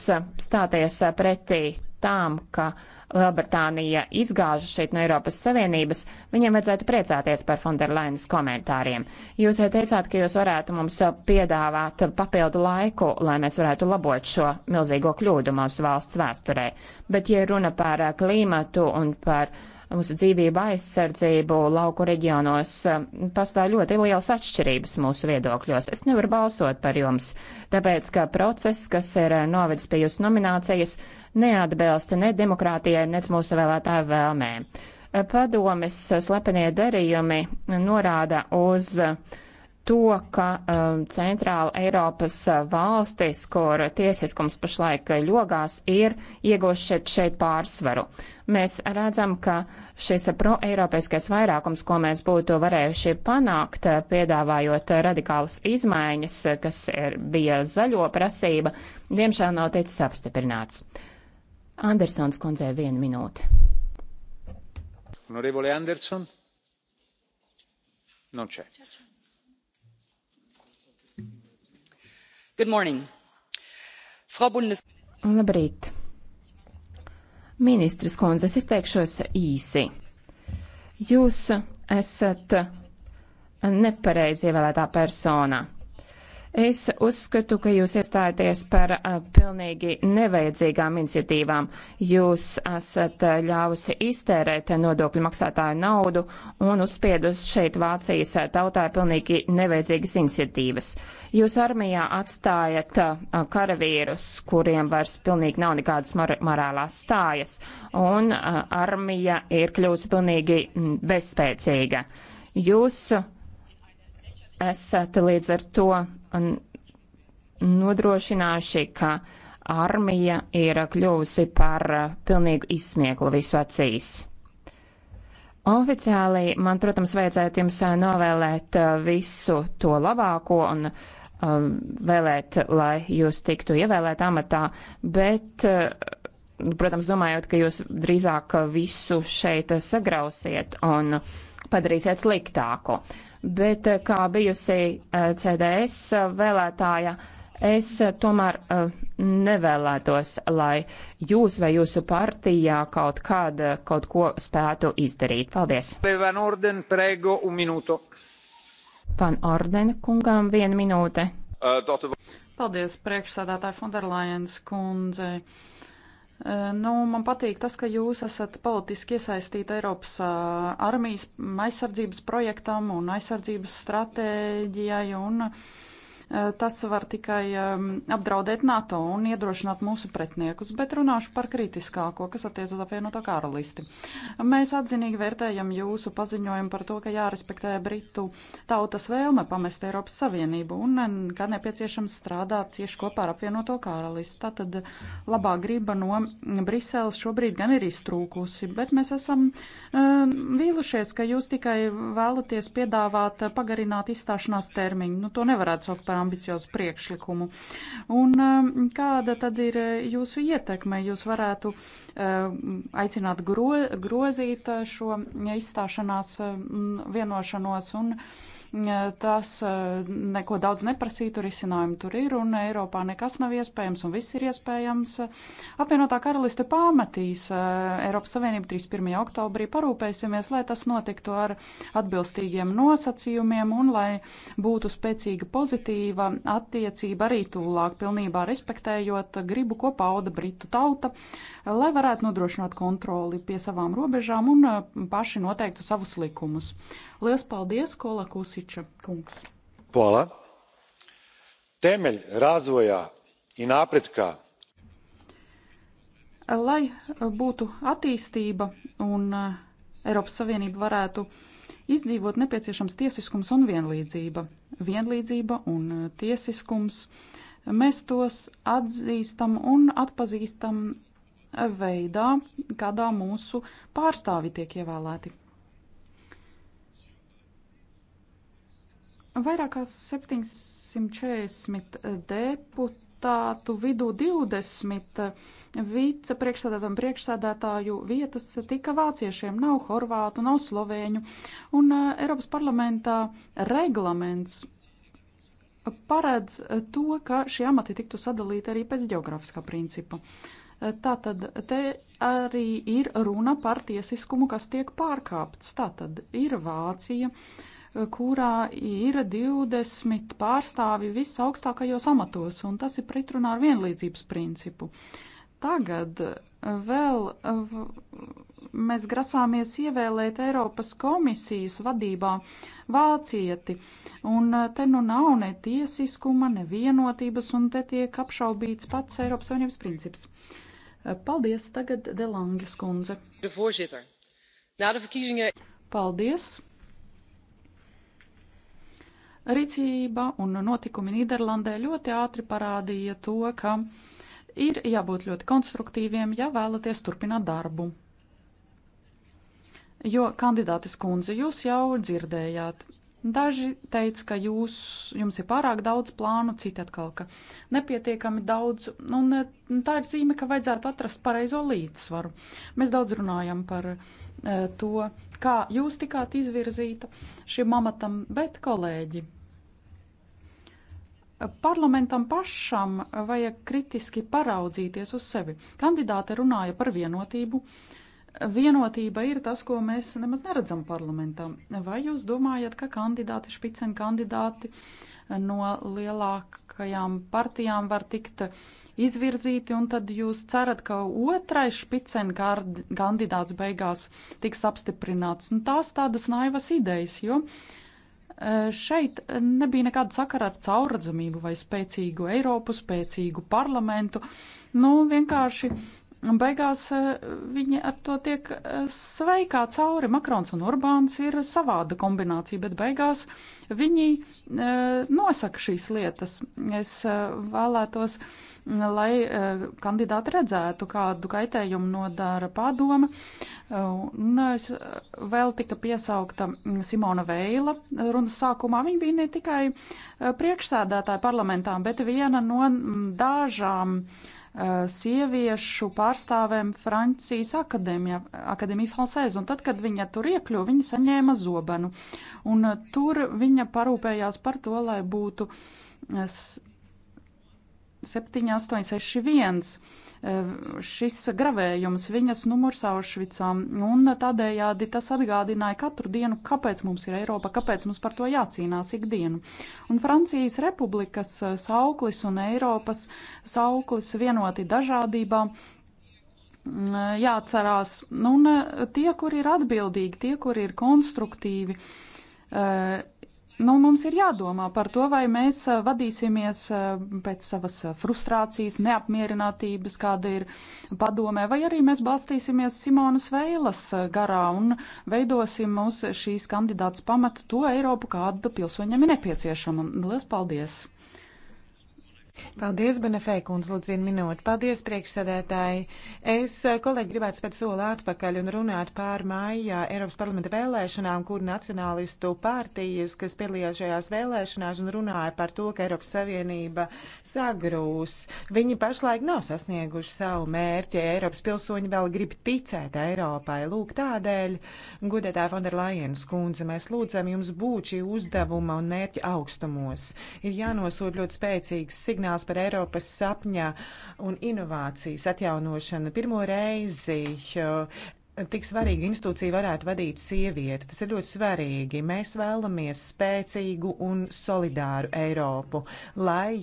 stāties pretī tām, ka uh, Lielbritānija izgāžas šeit no Eiropas Savienības, viņiem vajadzētu priecāties par Fonderlainas komentāriem. Jūs jau teicāt, ka jūs varētu mums piedāvāt papildu laiku, lai mēs varētu labot šo milzīgo kļūdu mūsu valsts vēsturē. Bet, ja runa par klīmatu un par uh, mūsu dzīvību aizsardzību lauku reģionos, um, pastāv ļoti lielas atšķirības mūsu viedokļos. Es nevaru balsot par jums, tāpēc, ka process, kas ir uh, novedis pie jūsu nominācijas, neatbilst ne demokrātijai, nec mūsu vēlētāju vēlmēm. Uh, Padomes slepenie darījumi norāda uz uh, to, ka um, centrāla Eiropas uh, valstis, kur tiesiskums pašlaik ļogās, ir ieguvušas šeit pārsvaru. Mēs redzam, ka šis proeiropeiskais vairākums, ko mēs būtu varējuši panākt, uh, piedāvājot radikālas izmaiņas, uh, kas ir, bija zaļo prasība, diemžēl nav ticis apstiprināts. Andersons kundzei vienu minūti. Honorevole Anderson? Non c'è. Bundes... Labrīt! Ministres kundze, es izteikšos īsi. Jūs esat nepareizi ievēlētā persona. Es uzskatu, ka jūs iestājaties par a, pilnīgi nevajadzīgām iniciatīvām. Jūs esat ļāvusi iztērēt nodokļu maksātāju naudu un uzspiedus šeit Vācijas tautāja pilnīgi nevajadzīgas iniciatīvas. Jūs armijā atstājat a, karavīrus, kuriem vairs pilnīgi nav nekādas mor morālās stājas, un a, armija ir kļūsi pilnīgi bezspēcīga. Jūs esat līdz ar to nodrošinājuši, ka armija ir kļuvusi par uh, pilnīgu izsmieklu visu acīs. Oficiāli man, protams, vajadzētu jums uh, novēlēt uh, visu to labāko un um, vēlēt, lai jūs tiktu ievēlēt amatā, bet uh, Nu, protams, domājot, ka jūs drīzāk visu šeit sagrausiet un padarīsiet sliktāku. Bet eh, kā bijusi eh, CDS vēlētāja, es tomēr eh, nevēlētos, lai jūs vai jūsu partijā kaut kād kaut ko spētu izdarīt. Paldies! Van Orden, prego un minūto. Van Orden kungām viena minūte. Uh, Paldies, priekšsādātāja Fonderlajens kundzei. Eh, nu, man patīk tas, ka jūs esat politiski iesaistīti Eiropas eh, armijas aizsardzības projektam un aizsardzības stratēģijai un uh, Eh, tas var tikai ehm, apdraudēt NATO un iedrošināt mūsu pretniekus, bet runāšu par kritiskāko, kas attiec uz apvienoto karalisti. Mēs atzinīgi vērtējam jūsu paziņojumu par to, ka jārespektē Britu tautas vēlme pamest Eiropas Savienību un ka nepieciešams strādāt cieši kopā ar apvienoto karalisti. Tātad labā griba no Briseles šobrīd gan ir iztrūkusi, bet mēs esam ehm, vīlušies, ka jūs tikai vēlaties piedāvāt pagarināt izstāšanās termiņu. Nu, to nevarētu saukt par ambiciozu priekšlikumu. Un um, kāda tad ir uh, jūsu ietekme? Jūs varētu uh, aicināt gro, grozīt uh, šo izstāšanās um, vienošanos un tas neko daudz neprasītu, risinājumu tur ir, un Eiropā nekas nav iespējams, un viss ir iespējams. Apvienotā karaliste pārmetīs Eiropas Savienību 31. oktobrī, parūpēsimies, lai tas notiktu ar atbilstīgiem nosacījumiem, un lai būtu spēcīga pozitīva attiecība arī tūlāk, pilnībā respektējot gribu, ko pauda Britu tauta, lai varētu nodrošināt kontroli pie savām robežām un paši noteiktu savus likumus. Lielas paldies, Kola Kusiča kungs. Pola. Temelj razvoja i napretka lai būtu attīstība un eh, Eiropas Savienība varētu izdzīvot nepieciešams tiesiskums un vienlīdzība. Vienlīdzība un eh, tiesiskums, mēs tos atzīstam un atpazīstam veidā, kādā mūsu pārstāvi tiek ievēlēti. Vairāk kā 740 deputātu vidū 20 vicepriekšsēdētāju un priekšsēdētāju vietas tika vāciešiem, nav horvātu, nav slovēņu. Un eh, Eiropas parlamentā reglaments paredz eh, to, ka šie amati tiktu sadalīti arī pēc geogrāfiskā principa. Eh, tātad te arī ir runa par tiesiskumu, kas tiek pārkāpts. Tātad ir Vācija. Uh, kurā ir 20 pārstāvi visaugstākajos amatos, un tas ir pretrunā ar vienlīdzības principu. Tagad eh, vēl eh, mēs grasāmies ievēlēt Eiropas komisijas vadībā vācieti, un eh, te nu nav ne tiesiskuma, ne vienotības, un te tiek apšaubīts pats Eiropas Savienības princips. Paldies tagad Delanges kundze. Paldies! Rīcība un notikumi Nīderlandē ļoti ātri parādīja to, ka ir jābūt ļoti konstruktīviem, ja vēlaties turpināt darbu. Jo kandidātes kundze jūs jau dzirdējāt. Daži teica, ka jūs, jums ir pārāk daudz plānu, citi atkal, ka nepietiekami daudz, un nu, nu, tā ir zīme, ka vajadzētu atrast pareizo līdzsvaru. Mēs daudz runājam par e, to, kā jūs tikāt izvirzīta šim amatam, bet kolēģi, Parlamentam pašam vajag kritiski paraudzīties uz sevi. Kandidāte runāja par vienotību. Vienotība ir tas, ko mēs nemaz neredzam parlamentā. Vai jūs domājat, ka kandidāti, špiceni kandidāti no lielākajām partijām var tikt izvirzīti, un tad jūs cerat, ka otrais špiceni kandidāts beigās tiks apstiprināts? Un nu, tās tādas naivas idejas, jo uh, Eh, šeit nebija nekāda sakara ar caurredzamību vai spēcīgu Eiropu, spēcīgu parlamentu. Nu, vienkārši beigās eh, viņi ar to tiek eh, sveikā cauri. Makrons un Orbāns ir savāda kombinācija, bet beigās viņi nosaka šīs lietas. Es vēlētos. Uh, lai eh, kandidāti redzētu, kādu kaitējumu nodara padoma. Eh, un es eh, vēl tika piesaukta mm, Simona Veila runas sākumā. Viņa bija ne tikai priekšsēdētāja parlamentām, bet viena no mm, dažām sieviešu pārstāvēm Francijas akadēmijā, akadēmija Falsēs, un tad, kad viņa tur iekļuva, viņa saņēma zobenu, un tur viņa parūpējās par to, lai būtu 7861. Eh, šis gravējums viņas numurs Aušvicā, un tādējādi tas atgādināja katru dienu, kāpēc mums ir Eiropa, kāpēc mums par to jācīnās ikdienu. Un Francijas republikas eh, sauklis un Eiropas sauklis vienoti dažādībā eh, jāatcerās, un tie, kur ir atbildīgi, tie, kur ir konstruktīvi, Nu, mums ir jādomā par to, vai mēs eh, vadīsimies eh, pēc savas eh, frustrācijas, neapmierinātības, kāda ir padomē, vai arī mēs balstīsimies Simonas Veilas garā un veidosim uz šīs kandidātas pamatu to Eiropu, kādu pilsoņiem ir nepieciešama. Lielas paldies! Paldies, Benefē, kundze, lūdzu, vienu minūti. Paldies, priekšsēdētāji. Es, eh, kolēģi, gribētu spēt soli atpakaļ un runāt pār mājā Eiropas parlamenta vēlēšanām, kur nacionālistu partijas, kas piedalījās šajās vēlēšanās un runāja par to, ka Eiropas Savienība sagrūs. Viņi pašlaik nav sasnieguši savu mērķi. Eiropas pilsoņi vēl grib ticēt Eiropai. Lūk, tādēļ, godētā Fonderlajenas kundze, mēs lūdzam jums būt šī uzdevuma un mērķa augstumos. Ir jānosūt ļoti spēcīgs signāls signāls par Eiropas sapņā un inovācijas atjaunošanu. Pirmo reizi tik svarīgu institūciju varētu vadīt sieviete. Tas ir ļoti svarīgi. Mēs vēlamies spēcīgu un solidāru Eiropu, lai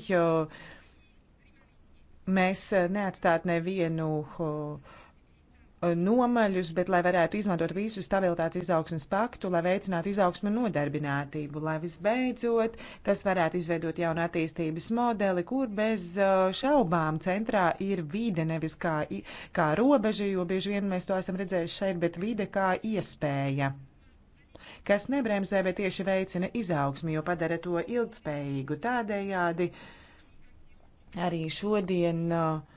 mēs neatstātu nevienu. Uh, nomaļus, bet lai varētu izmantot visu stabilitātes izaugsmas paktu, lai veicinātu izaugsmu un nodarbinātību, lai visbeidzot tas varētu izveidot jaunu attīstības modeli, kur bez uh, šaubām centrā ir vide, nevis kā, kā robeža, jo bieži vien mēs to esam redzējuši šeit, bet vide kā iespēja kas nebremzē, bet tieši veicina izaugsmi, jo padara to ilgspējīgu. Tādējādi arī šodien uh,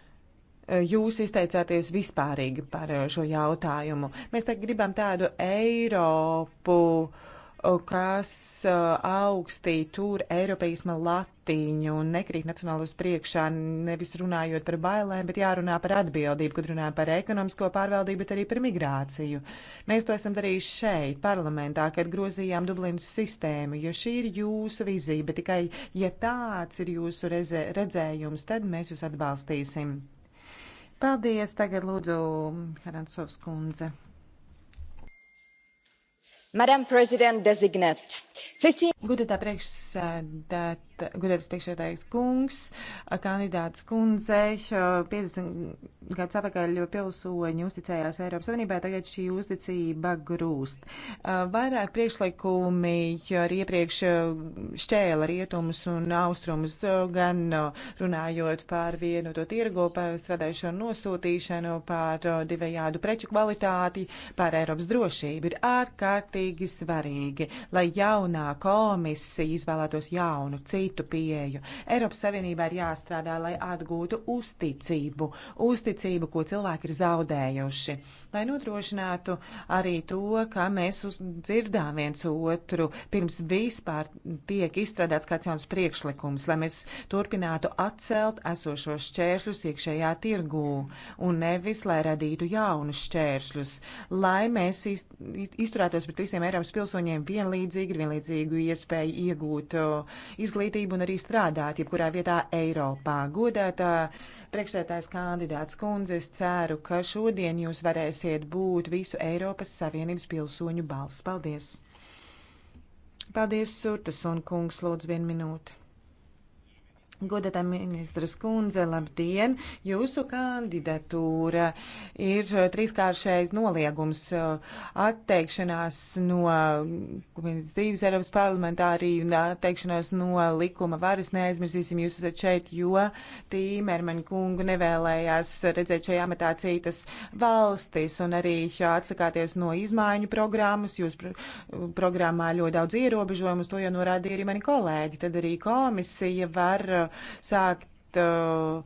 Eh, jūs izteicāties vispārīgi par eh, šo jautājumu. Mēs tagad gribam tādu Eiropu, eh, kas augstī tur Eiropeisma latiņu un nekrīt nacionālus priekšā, nevis runājot par bailēm, bet jārunā par atbildību, kad runājam par ekonomisko pārvaldību, bet arī par migrāciju. Mēs to esam darījuši šeit, parlamentā, kad grozījām Dublinas sistēmu. Ja šī ir jūsu vizija, bet tikai ja tāds ir jūsu redzējums, tad mēs jūs atbalstīsim. Paldies, tagad lūdzu Harantsovs kundze. Madam President designate. 15... Gudatā priekšsēdētāja gudrības priekšētājs kungs, kandidāts kundzei, 50 gadus apakaļ pilsoņi uzticējās Eiropas Savienībā, tagad šī uzticība grūst. Vairāk priekšlikumi arī iepriekš šķēla rietumus un austrumus, gan runājot par vienoto tirgu, par strādājušanu nosūtīšanu, par divējādu preču kvalitāti, par Eiropas drošību. Ir ārkārtīgi svarīgi, lai jaunā komisija izvēlētos jaunu cīņu citu pieeju. Eiropas Savienībā ir jāstrādā, lai atgūtu uzticību, uzticību, ko cilvēki ir zaudējuši lai nodrošinātu arī to, ka mēs dzirdām viens otru pirms vispār tiek izstrādāts kāds jauns priekšlikums, lai mēs turpinātu atcelt esošos šķēršļus iekšējā tirgū un nevis, lai radītu jaunus šķēršļus, lai mēs izturētos pret visiem Eiropas pilsoņiem vienlīdzīgi, ir vienlīdzīgu iespēju iegūt izglītību un arī strādāt jebkurā vietā Eiropā. Godētā uh, Priekšsētājs kandidāts kundze, es ceru, ka šodien jūs varēsiet būt visu Eiropas Savienības pilsoņu balss. Paldies! Paldies, Surtas un kungs, lūdzu, vienu minūti. Godētā ministras kundze, labdien! Jūsu kandidatūra ir trīskāršais noliegums uh, atteikšanās no kopienas dzīves Eiropas parlamentā, arī atteikšanās no likuma varas. Neaizmirsīsim, jūs esat šeit, jo Tīmermaņa kungu nevēlējās redzēt šajā amatā citas valstis un arī atsakāties no izmaiņu programmas. Jūs pro programmā ļoti daudz ierobežojumus, to jau norādīja arī mani kolēģi. Tad arī komisija var uh, sākt uh,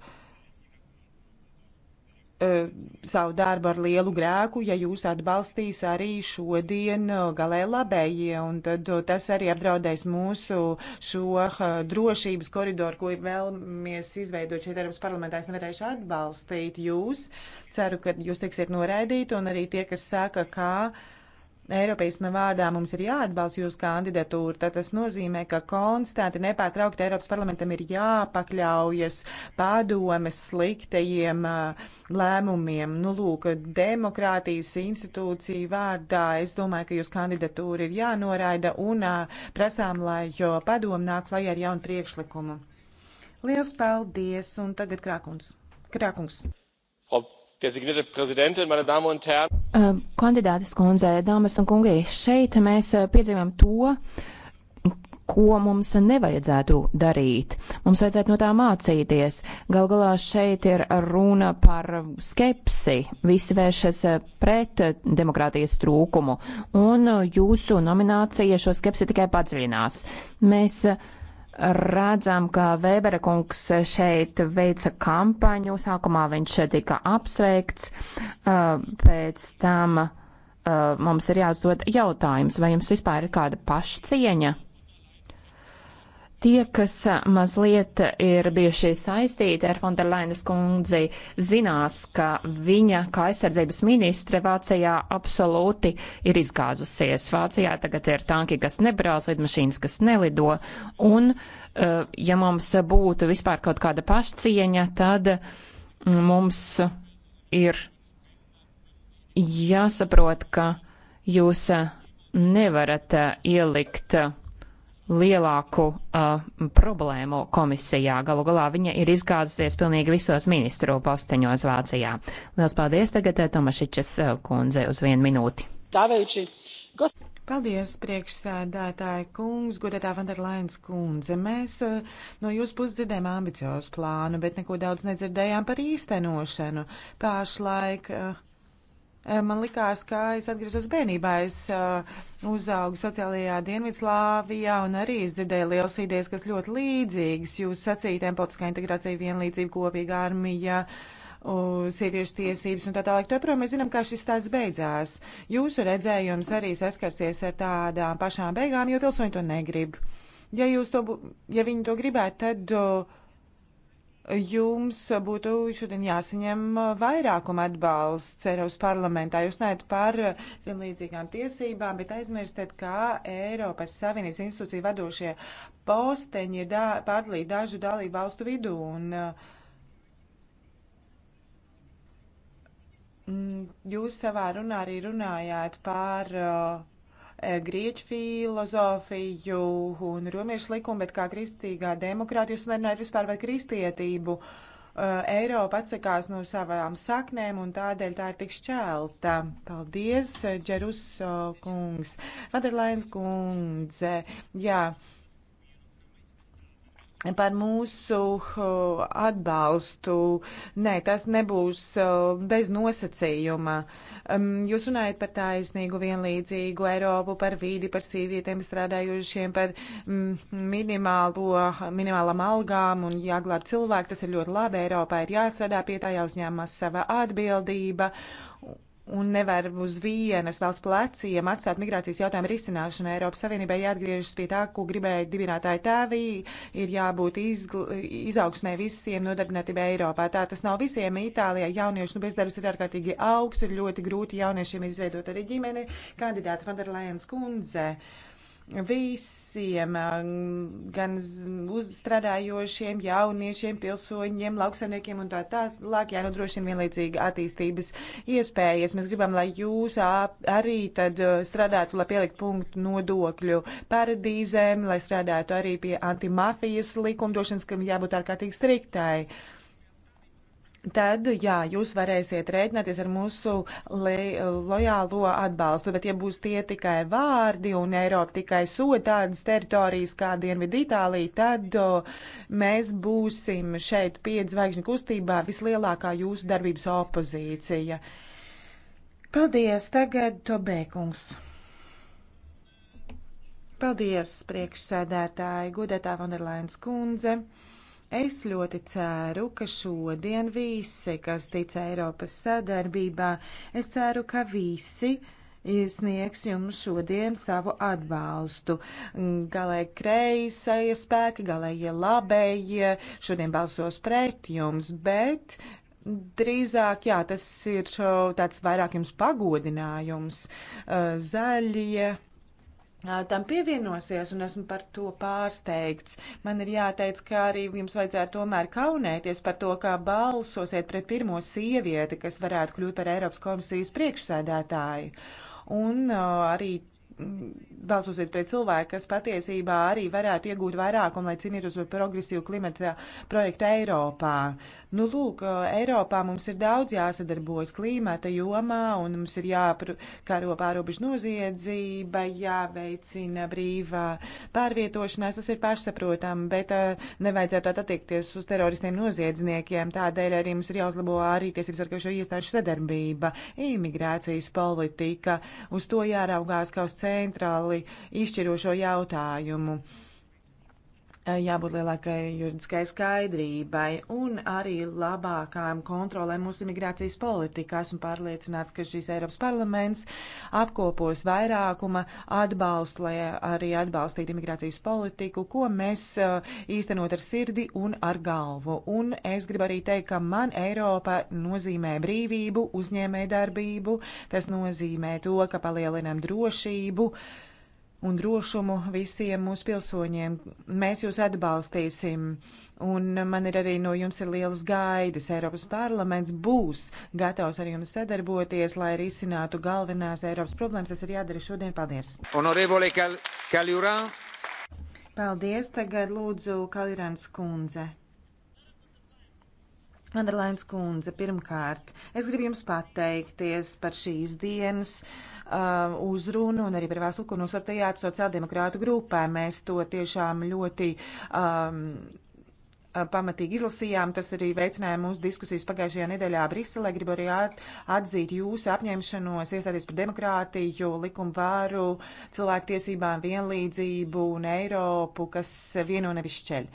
savu darbu ar lielu grēku, ja jūs atbalstīs arī šodien eh, galē labējie, un tad tas arī apdraudēs mūsu šo drošības koridoru, ko vēlamies izveidot šeit Eiropas parlamentā. Es nevarēšu atbalstīt jūs. Ceru, ka jūs tiksiet noraidīti, un arī tie, kas saka, ka. Kā Eiropeisma vārdā mums ir jāatbalsta jūsu kandidatūra, tad tas nozīmē, ka konstanti nepārtraukti Eiropas parlamentam ir jāpakļaujas padomes sliktajiem lēmumiem. Nu, lūk, demokrātijas institūcija vārdā es domāju, ka jūsu kandidatūra ir jānoraida un prasām, lai padomu nāk klajā ar jaunu priekšlikumu. Liels paldies, un tagad krākums. krākums. Frau designierte Präsidentin, meine Damen und Herren! Äh, kandidātes kundze, dāmas un kungi, šeit mēs äh, piedzīvām to, ko mums nevajadzētu darīt. Mums vajadzētu no tā mācīties. Gal galā šeit ir runa par skepsi. Visi vēršas äh, pret demokrātijas trūkumu, un jūsu nominācija šo skepsi tikai padziļinās. Mēs uh, Redzam, ka Vēbera kungs šeit veica kampaņu. Sākumā viņš tika apsveikts, uh, pēc tam uh, mums ir jāuzdod jautājums, vai jums vispār ir kāda pašcieņa? Tie, kas mazliet ir bijuši saistīti ar Fonderlainas kundzi, zinās, ka viņa kā aizsardzības ministre Vācijā absolūti ir izgāzusies. Vācijā tagad ir tanki, kas nebrauc, lidmašīnas, kas nelido, un ja mums būtu vispār kaut kāda pašcieņa, tad mums ir jāsaprot, ka jūs nevarat ielikt lielāku uh, problēmu komisijā. Galu galā viņa ir izgāzusies pilnīgi visos ministru posteņos Vācijā. Lielas paldies tagad eh, Tomašičas eh, kundze uz vienu minūti. Tāvējuši. Gos... Paldies, priekšsēdētāji kungs, godētā Vanderlains kundze. Mēs eh, no jūsu puses dzirdējām ambiciozu plānu, bet neko daudz nedzirdējām par īstenošanu. Pašlaik uh, Eh, man likās, ka es atgriezos bērnībā, es uh, uzaugu sociālajā Dienvidslāvijā un arī es dzirdēju liels idejas, kas ļoti līdzīgas jūsu sacītēm - politiskā integrācija, vienlīdzība, kopīga armija, uh, sieviešu tiesības un tā tālāk. Turprom mēs zinām, kā šis stāsts beidzās. Jūsu redzējums arī saskarsies ar tādām pašām beigām, jo pilsoņi to negrib. Ja, to, ja viņi to gribētu, tad. Uh, jums būtu šodien jāsaņem vairākuma atbalsts Eiropas parlamentā. Jūs neat par vienlīdzīgām tiesībām, bet aizmirstat, ka Eiropas Savienības institūcija vadošie posteņi ir da pārdalīti dažu dalību valstu vidū. Un, mm, Jūs savā runā arī runājāt par uh, grieķu filozofiju un romiešu likumu, bet kā kristīgā demokrātija jūs nerunājat vispār par kristietību. Uh, Eiropa atsakās no savām saknēm un tādēļ tā ir tik šķelta. Paldies, Džeruso kungs, Vaderlaina kundze. Jā par mūsu uh, atbalstu. Nē, tas nebūs uh, bez nosacījuma. Um, jūs runājat par taisnīgu, vienlīdzīgu Eiropu, par vīdi, par sīvietiem strādājušiem, par mm, minimālo, minimālam algām un jāglāb cilvēku. Tas ir ļoti labi. Eiropā ir jāstrādā pie tā, jāuzņēmas sava atbildība un nevar uz vienas valsts pleciem atstāt migrācijas jautājumu risināšanu. Eiropas Savienībai jāatgriežas pie tā, ko gribēja dibinātāji tēvī, ir jābūt izaugsmē visiem nodarbinātībai Eiropā. Tā tas nav visiem. Itālijā jauniešu nu, bezdarbs ir ārkārtīgi augsts, ir ļoti grūti jauniešiem izveidot arī ģimeni. Kandidāta Vanderlajens kundze. Uh, visiem, um, gan strādājošiem, jauniešiem, pilsoņiem, lauksaimniekiem un tā tālāk jānodrošina vienlīdzīga attīstības iespējas. Mēs gribam, lai jūs arī tad uh, strādātu, lai pielikt punktu nodokļu paradīzēm, lai strādātu arī pie antimafijas likumdošanas, kam jābūt ārkārtīgi striktai. Uh, tad, jā, jūs varēsiet rēķināties ar mūsu lojālo atbalstu, bet ja būs tie tikai vārdi un Eiropa tikai sod tādas teritorijas kā Dienvidu Itālija, tad o, mēs būsim šeit piedzvaigžņu kustībā vislielākā jūsu darbības opozīcija. Paldies, tagad Tobēkungs. Paldies, priekšsēdētāji, godētā Vanderlainas kundze. Es ļoti ceru, ka šodien visi, kas tic Eiropas sadarbībā, es ceru, ka visi sniegs jums šodien savu atbalstu. Galēji kreisajie spēki, galējie labējie šodien balsos pret jums, bet drīzāk, jā, tas ir tāds vairāk jums pagodinājums. Zaļie tam pievienosies, un esmu par to pārsteigts. Man ir jāteic, ka arī jums vajadzētu tomēr kaunēties par to, kā balsosiet pret pirmo sievieti, kas varētu kļūt par Eiropas komisijas priekšsēdētāju. Un arī balsosiet pret cilvēku, kas patiesībā arī varētu iegūt vairākumu, lai cīnītos par progresīvu klimata projektu Eiropā. Nu, lūk, Eiropā mums ir daudz jāsadarbojas klimata jomā, un mums ir jākaro pārobežu noziedzība, jāveicina brīvā pārvietošanās, tas ir pašsaprotami, bet uh, nevajadzētu tā attiekties uz teroristiem noziedzniekiem, tādēļ arī mums ir jāuzlabo arī tiesības sargājušo iestāžu sadarbība, imigrācijas politika, uz to jāraugās kā uz ceļu centrāli izšķirošo jautājumu. Uh, Eh, jābūt lielākai juridiskai skaidrībai un arī labākām kontrolēm mūsu imigrācijas politikā. Esmu pārliecināts, ka šīs Eiropas parlaments apkopos vairākuma atbalstu, lai arī atbalstītu imigrācijas politiku, ko mēs eh, īstenot ar sirdi un ar galvu. Un es gribu arī teikt, ka man Eiropa nozīmē brīvību, uzņēmē darbību, tas nozīmē to, ka palielinam drošību. Uh, un drošumu visiem mūsu pilsoņiem. Mēs jūs atbalstīsim, un man ir arī no jums ir lielas gaidas. Eiropas parlaments būs gatavs ar jums sadarboties, lai risinātu galvenās Eiropas problēmas. Tas ir jādara šodien. Paldies! Honorevole Kal Kaljurā! Paldies! Tagad lūdzu Kaljurāns kundze. Anderlains kundze, pirmkārt, es gribu jums pateikties par šīs dienas uh, uh, um, uzrunu un arī par vēstuli, ko nosūtījāt sociāldemokrātu grupā. Mēs to tiešām ļoti. Um, pamatīgi izlasījām. Tas arī veicināja mūsu diskusijas pagājušajā nedēļā Briselē. Gribu arī atzīt jūsu apņemšanos iestāties par demokrātiju, likumu vāru, cilvēktiesībām, vienlīdzību un Eiropu, kas vieno nevis šķeļ.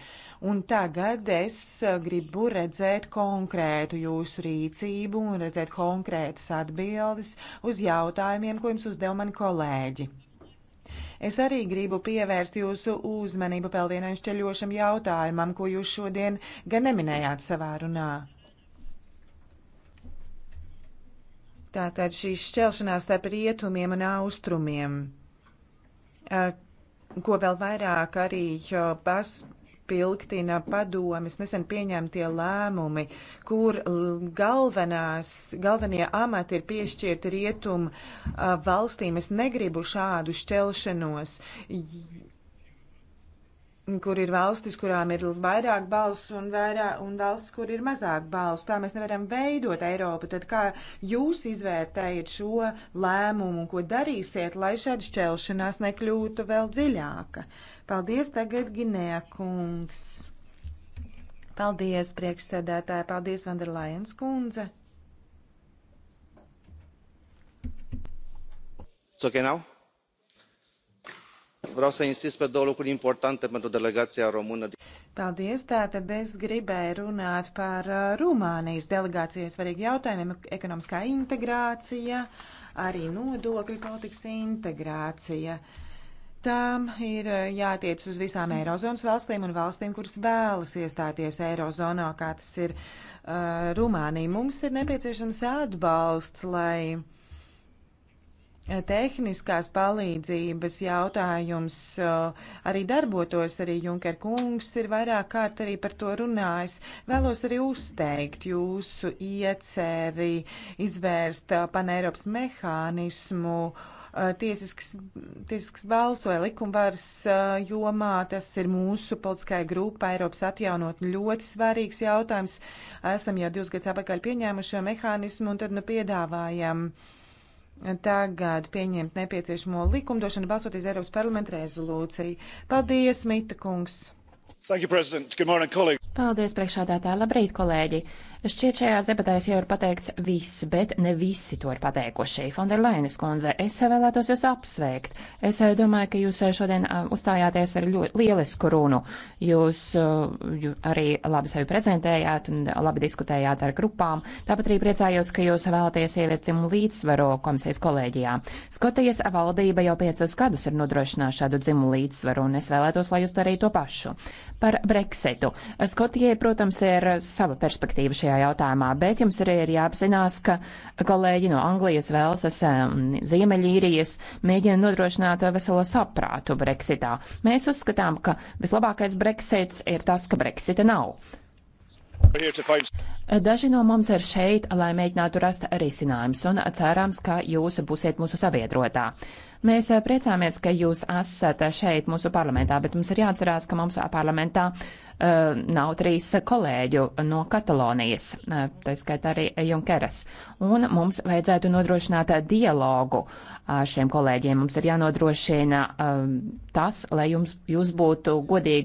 Un tagad es gribu redzēt konkrētu jūsu rīcību un redzēt konkrētas atbildes uz jautājumiem, ko jums uzdeva mani kolēģi. Es arī gribu pievērst jūsu uzmanību peldienai šķeļošam jautājumam, ko jūs šodien gan neminējāt savā runā. Tātad šī šķelšanās starp rietumiem un austrumiem eh, ko vēl vairāk arī pas, eh, pilktina padomis nesen pieņemtie lēmumi, kur uh, galvenās, galvenie amati ir piešķirti rietumu uh, valstīm. Es negribu šādu šķelšanos kur ir valstis, kurām ir vairāk balsu un, vairāk, un valsts, kur ir mazāk balsu. Tā mēs nevaram veidot Eiropu. Tad kā jūs izvērtējat šo lēmumu un ko darīsiet, lai šāda šķelšanās nekļūtu vēl dziļāka? Uh, Paldies tagad Ginējā kungs. Paldies, priekšsēdētāji, paldies, Vanderlajens kundze. It's okay now? Vreau să insist pe două lucruri importante pentru delegația română. Paldies, tātad es gribēju runāt par uh, Rumānijas delegācijas svarīgu jautājumiem - ekonomiskā integrācija, arī nodokļu politikas integrācija. Uh, Tām ir eh, jātiec uz visām Eirozonas valstīm un valstīm, kuras vēlas iestāties Eirozonā, kā tas ir uh, Rumānija. Mums ir nepieciešams atbalsts, lai eh, tehniskās palīdzības jautājums arī darbotos. Arī Junker kungs ir vairāk kārt arī par to runājis. Vēlos arī uzteikt jūsu ieceri izvērst paneiropas mehānismu. Uh, Eh, tiesisks, tiesisks balss vai likumvaras eh, jomā. Tas ir mūsu politiskai grupai Eiropas atjaunot ļoti svarīgs jautājums. Esam jau divus gadus apakaļ pieņēmuši šo mehānismu un tad nu piedāvājam tagad pieņemt nepieciešamo likumdošanu balsoties Eiropas parlamenta rezolūciju. Paldies, Mita kungs! You, morning, Paldies, priekšādātāji! Labrīt, kolēģi! Šķiet, šajās debatēs jau ir pateikts viss, bet ne visi to ir pateikuši. Fonderlainis kundze, es vēlētos jūs apsveikt. Es eh, domāju, ka jūs eh, šodien eh, uzstājāties ar ļoti lielisku runu. Jūs arī labi sevi prezentējāt un labi diskutējāt ar grupām. Tāpat arī priecājos, ka jūs vēlaties ieviest dzimumu līdzsvaru komisijas kolēģijā. Skotijas valdība jau piecus gadus ir nodrošinājusi šādu dzimumu līdzsvaru, un es vēlētos, lai jūs darītu to pašu. Par Brexitu. Skotijai, protams, ir sava perspektīva šajā šajā jautājumā, bet jums arī ir jāapzinās, ka kolēģi no Anglijas, Velsas, Ziemeļīrijas mēģina nodrošināt veselo saprātu Brexitā. Mēs uzskatām, ka vislabākais Brexits ir tas, ka Brexita nav. Daži no mums ir šeit, lai mēģinātu rast risinājumus, un cerams, ka jūs būsiet mūsu sabiedrotā. Mēs priecāmies, ka jūs esat šeit mūsu parlamentā, bet mums ir jāatcerās, ka mums parlamentā uh, Eh, nav trīs kolēģu no Katalonijas, eh, tā skaitā arī Junkeras. Un mums vajadzētu nodrošināt dialogu ar šiem kolēģiem. Mums ir jānodrošina eh, tas, lai jums, jūs būtu godīga